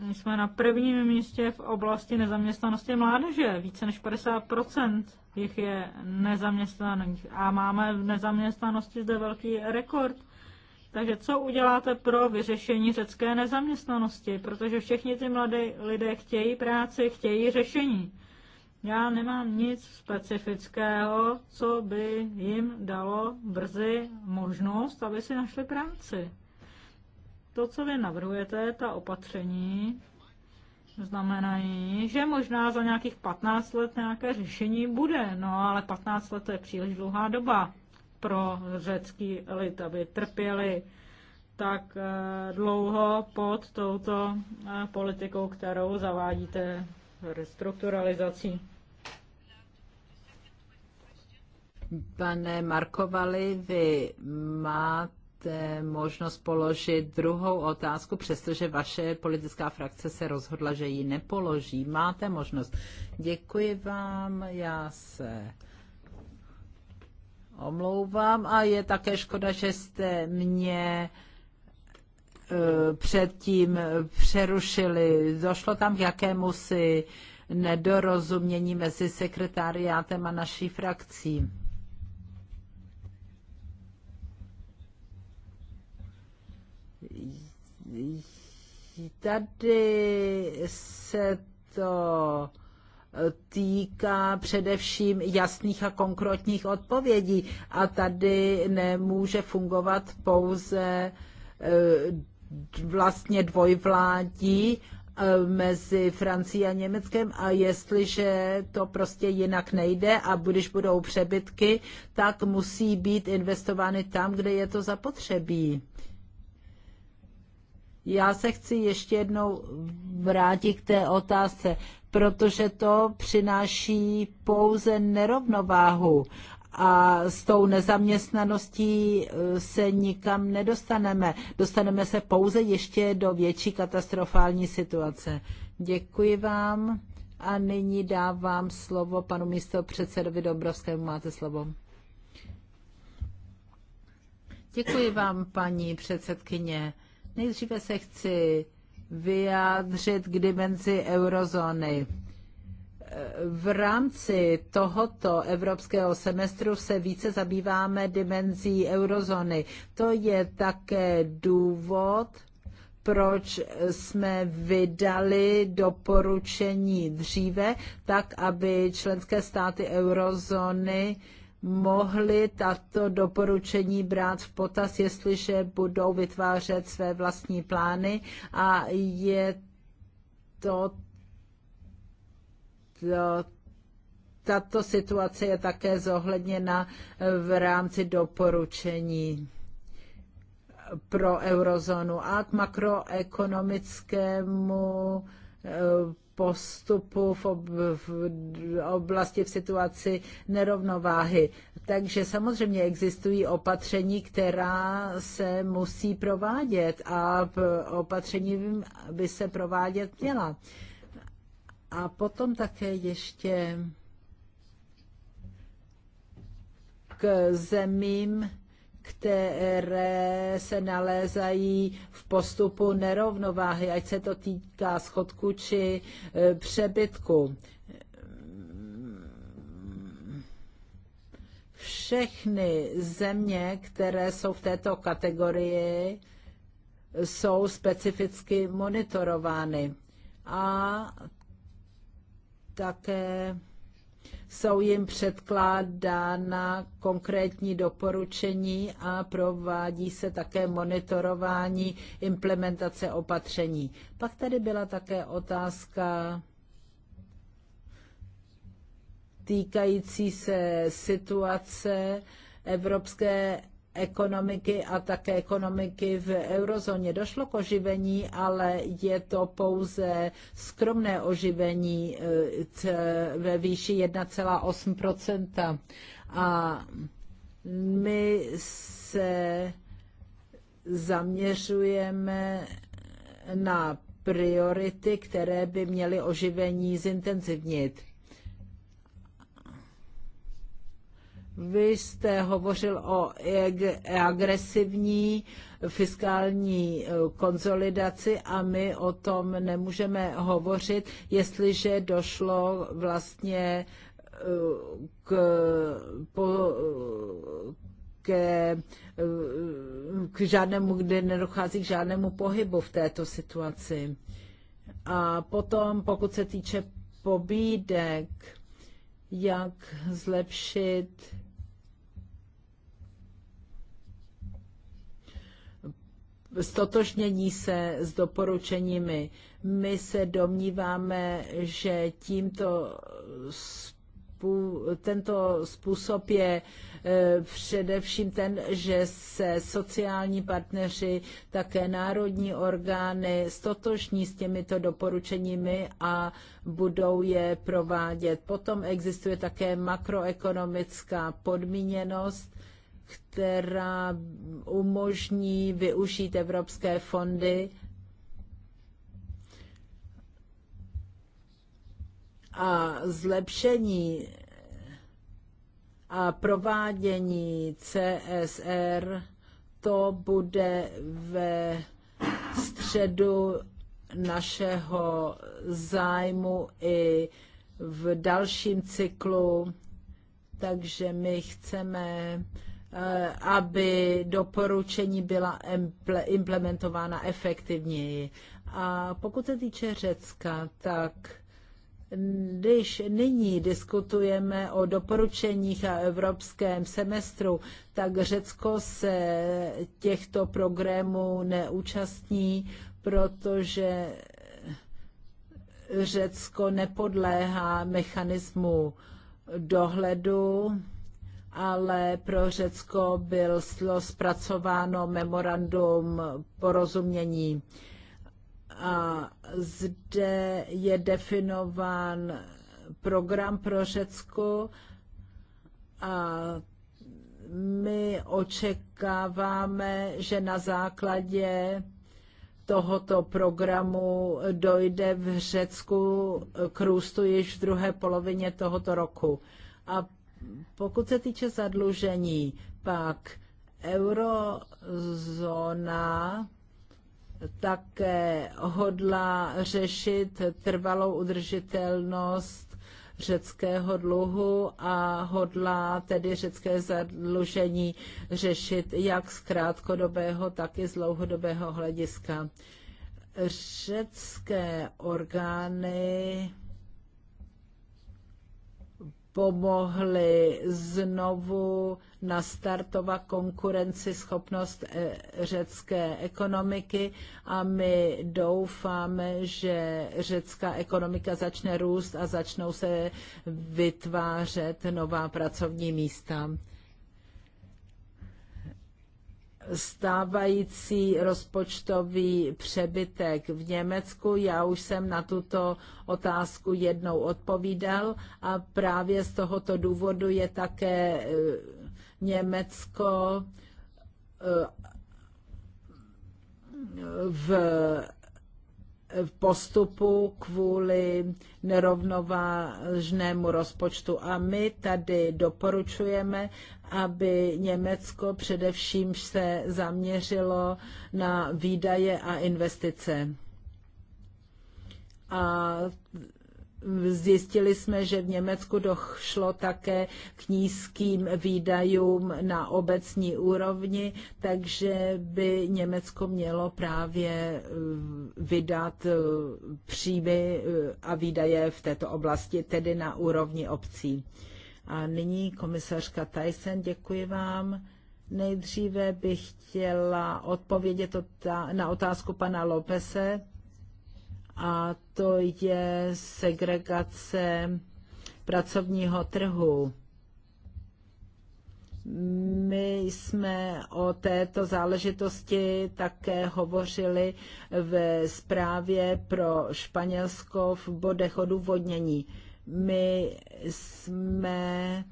My jsme na prvním místě v oblasti nezaměstnanosti mládeže. Více než 50% jich je nezaměstnaných a máme v nezaměstnanosti zde velký rekord. Takže co uděláte pro vyřešení řecké nezaměstnanosti? Protože všichni ty mladé lidé chtějí práci, chtějí řešení. Já nemám nic specifického, co by jim dalo brzy možnost, aby si našli práci. To, co vy navrhujete, ta opatření, znamenají, že možná za nějakých 15 let nějaké řešení bude, no ale 15 let to je příliš dlouhá doba pro řecký lid, aby trpěli tak eh, dlouho pod touto eh, politikou, kterou zavádíte restrukturalizací. Pane Markovali, vy máte máte možnost položit druhou otázku, přestože vaše politická frakce se rozhodla, že ji nepoloží. Máte možnost. Děkuji vám, já se omlouvám a je také škoda, že jste mě eh, předtím přerušili. Došlo tam k jakému si nedorozumění mezi sekretariátem a naší frakcí. Tady se to týká především jasných a konkrétních odpovědí a tady nemůže fungovat pouze eh, vlastně dvojvládí eh, mezi Francií a Německem a jestliže to prostě jinak nejde a když budou přebytky, tak musí být investovány tam, kde je to zapotřebí. Já se chci ještě jednou vrátit k té otázce, protože to přináší pouze nerovnováhu a s tou nezaměstnaností eh, se nikam nedostaneme. Dostaneme se pouze ještě do větší katastrofální situace. Děkuji vám a nyní dávám slovo panu místo předsedovi Dobrovskému. Máte slovo. Děkuji vám, paní předsedkyně. Nejdříve se chci vyjádřit k dimenzi eurozóny. V rámci tohoto evropského semestru se více zabýváme dimenzí eurozóny. To je také důvod, proč jsme vydali doporučení dříve, tak aby členské státy eurozóny mohli tato doporučení brát v potaz, jestliže budou vytvářet své vlastní plány a je to, to tato situace je také zohledněna v rámci doporučení pro eurozónu a k makroekonomickému eh, postupu v, ob, v oblasti v situaci nerovnováhy. Takže samozřejmě existují opatření, která se musí provádět a opatření by se provádět měla. A potom také ještě k zemím, které se nalézají v postupu nerovnováhy, ať se to týká schodku či e, přebytku. Všechny země, které jsou v této kategorii, jsou specificky monitorovány. A také jsou jim předkládána konkrétní doporučení a provádí se také monitorování implementace opatření. Pak tady byla také otázka týkající se situace Evropské ekonomiky a také ekonomiky v eurozóně. Došlo k oživení, ale je to pouze skromné oživení eh, ve výši 1,8 A my se zaměřujeme na priority, které by měly oživení zintenzivnit. Vy jste hovořil o agresivní fiskální eh, konsolidaci a my o tom nemůžeme hovořit, jestliže došlo vlastně eh, k, po, eh, ke, k žádnému, kde nedochází k žádnému pohybu v této situaci. A potom, pokud se týče pobídek, jak zlepšit stotožnění se s doporučeními. My se domníváme, že tímto tento způsob je e, především ten, že se sociální partneři, také národní orgány stotožní s těmito doporučeními a budou je provádět. Potom existuje také makroekonomická podmíněnost, která umožní využít evropské fondy a zlepšení a provádění CSR, to bude ve středu našeho zájmu i v dalším cyklu, takže my chceme Eh, aby doporučení byla implementována efektivněji. A pokud se týče Řecka, tak když nyní diskutujeme o doporučeních a evropském semestru, tak Řecko se těchto programů neúčastní, protože Řecko nepodléhá mechanismu dohledu ale pro Řecko bylo zpracováno memorandum porozumění. A zde je definován program pro Řecko a my očekáváme, že na základě tohoto programu dojde v Řecku k růstu již v druhé polovině tohoto roku. A pokud se týče zadlužení, pak eurozóna také hodla řešit trvalou udržitelnost řeckého dluhu a hodla tedy řecké zadlužení řešit jak z krátkodobého, tak i z dlouhodobého hlediska. Řecké orgány pomohly znovu nastartovat konkurenceschopnost eh, řecké ekonomiky a my doufáme, že řecká ekonomika začne růst a začnou se vytvářet nová pracovní místa stávající rozpočtový přebytek v Německu. Já už jsem na tuto otázku jednou odpovídal a právě z tohoto důvodu je také e, Německo e, v e, v postupu kvůli nerovnovážnému rozpočtu. A my tady doporučujeme, aby Německo především se zaměřilo na výdaje a investice. A zjistili jsme, že v Německu došlo také k nízkým výdajům na obecní úrovni, takže by Německo mělo právě eh, vydat eh, příjmy eh, a výdaje v této oblasti, tedy na úrovni obcí. A nyní komisařka Tyson, děkuji vám. Nejdříve bych chtěla odpovědět na otázku pana Lopese a to je segregace pracovního trhu. My jsme o této záležitosti také hovořili v zprávě pro Španělsko v bodech odůvodnění. My jsme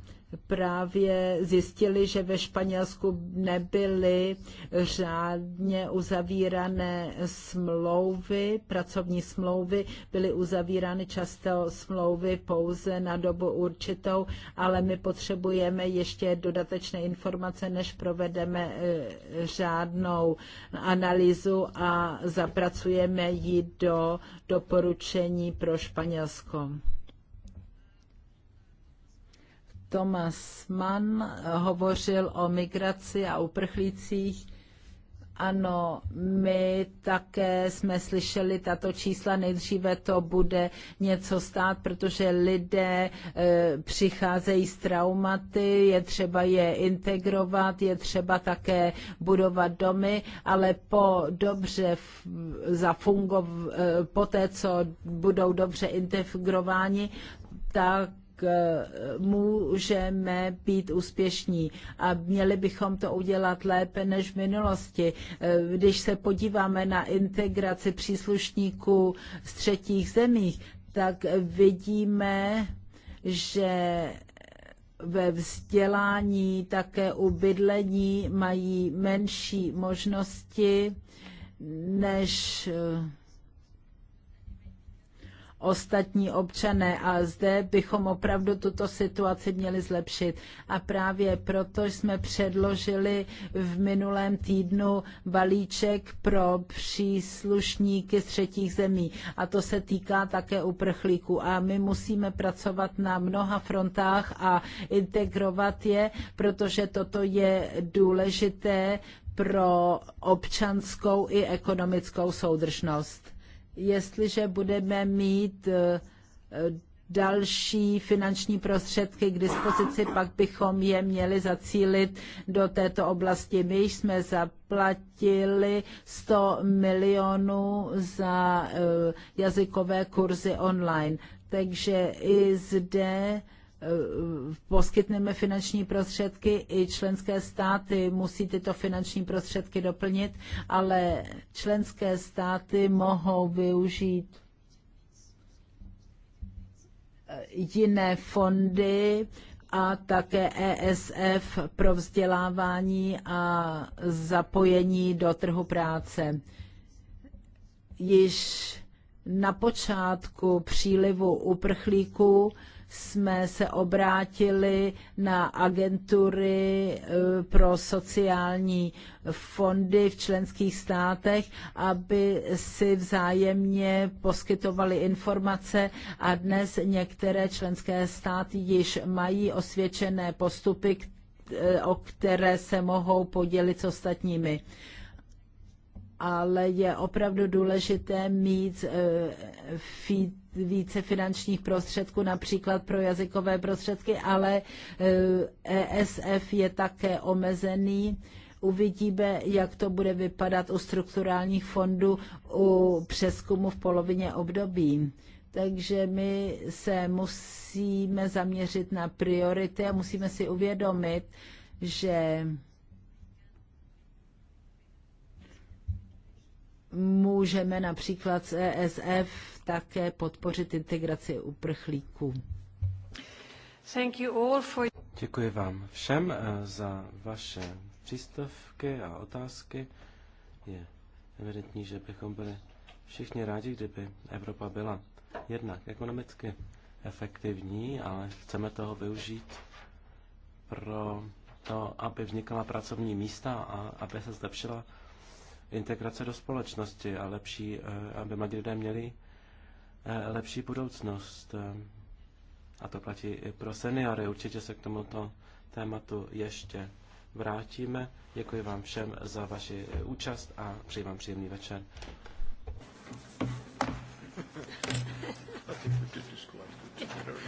právě zjistili, že ve Španělsku nebyly řádně uzavírané smlouvy, pracovní smlouvy, byly uzavírány často smlouvy pouze na dobu určitou, ale my potřebujeme ještě dodatečné informace, než provedeme e, řádnou analýzu a zapracujeme ji do doporučení pro Španělsko. Thomas Mann hovořil o migraci a uprchlících. Ano, my také jsme slyšeli tato čísla. Nejdříve to bude něco stát, protože lidé e, přicházejí z traumaty, je třeba je integrovat, je třeba také budovat domy, ale po dobře zafungov, e, po té, co budou dobře integrováni, tak Eh, můžeme být úspěšní a měli bychom to udělat lépe než v minulosti. Eh, když se podíváme na integraci příslušníků z třetích zemích, tak vidíme, že ve vzdělání, také u bydlení mají menší možnosti než eh, ostatní občané a zde bychom opravdu tuto situaci měli zlepšit. A právě proto jsme předložili v minulém týdnu balíček pro příslušníky z třetích zemí a to se týká také uprchlíků a my musíme pracovat na mnoha frontách a integrovat je, protože toto je důležité pro občanskou i ekonomickou soudržnost jestliže budeme mít eh, další finanční prostředky k dispozici, pak bychom je měli zacílit do této oblasti. My jsme zaplatili 100 milionů za eh, jazykové kurzy online, takže i zde Eh, poskytneme finanční prostředky, i členské státy musí tyto finanční prostředky doplnit, ale členské státy mohou využít eh, jiné fondy a také ESF pro vzdělávání a zapojení do trhu práce. Již na počátku přílivu uprchlíků jsme se obrátili na agentury eh, pro sociální fondy v členských státech, aby si vzájemně poskytovali informace a dnes některé členské státy již mají osvědčené postupy, eh, o které se mohou podělit s ostatními ale je opravdu důležité mít eh, více finančních prostředků, například pro jazykové prostředky, ale ESF eh, e je také omezený. Uvidíme, jak to bude vypadat u strukturálních fondů u přeskumu v polovině období. Takže my se musíme zaměřit na priority a musíme si uvědomit, že můžeme například z ESF také podpořit integraci uprchlíků. Thank you all for... Děkuji vám všem eh, za vaše přístavky a otázky. Je evidentní, že bychom byli všichni rádi, kdyby Evropa byla jednak ekonomicky efektivní, ale chceme toho využít pro to, aby vznikala pracovní místa a aby se zlepšila integrace do společnosti a lepší, eh, aby mladí lidé měli eh, lepší budoucnost. Eh, a to platí i pro seniory. Určitě se k tomuto tématu ještě vrátíme. Děkuji vám všem za vaši účast a přeji vám příjemný večer.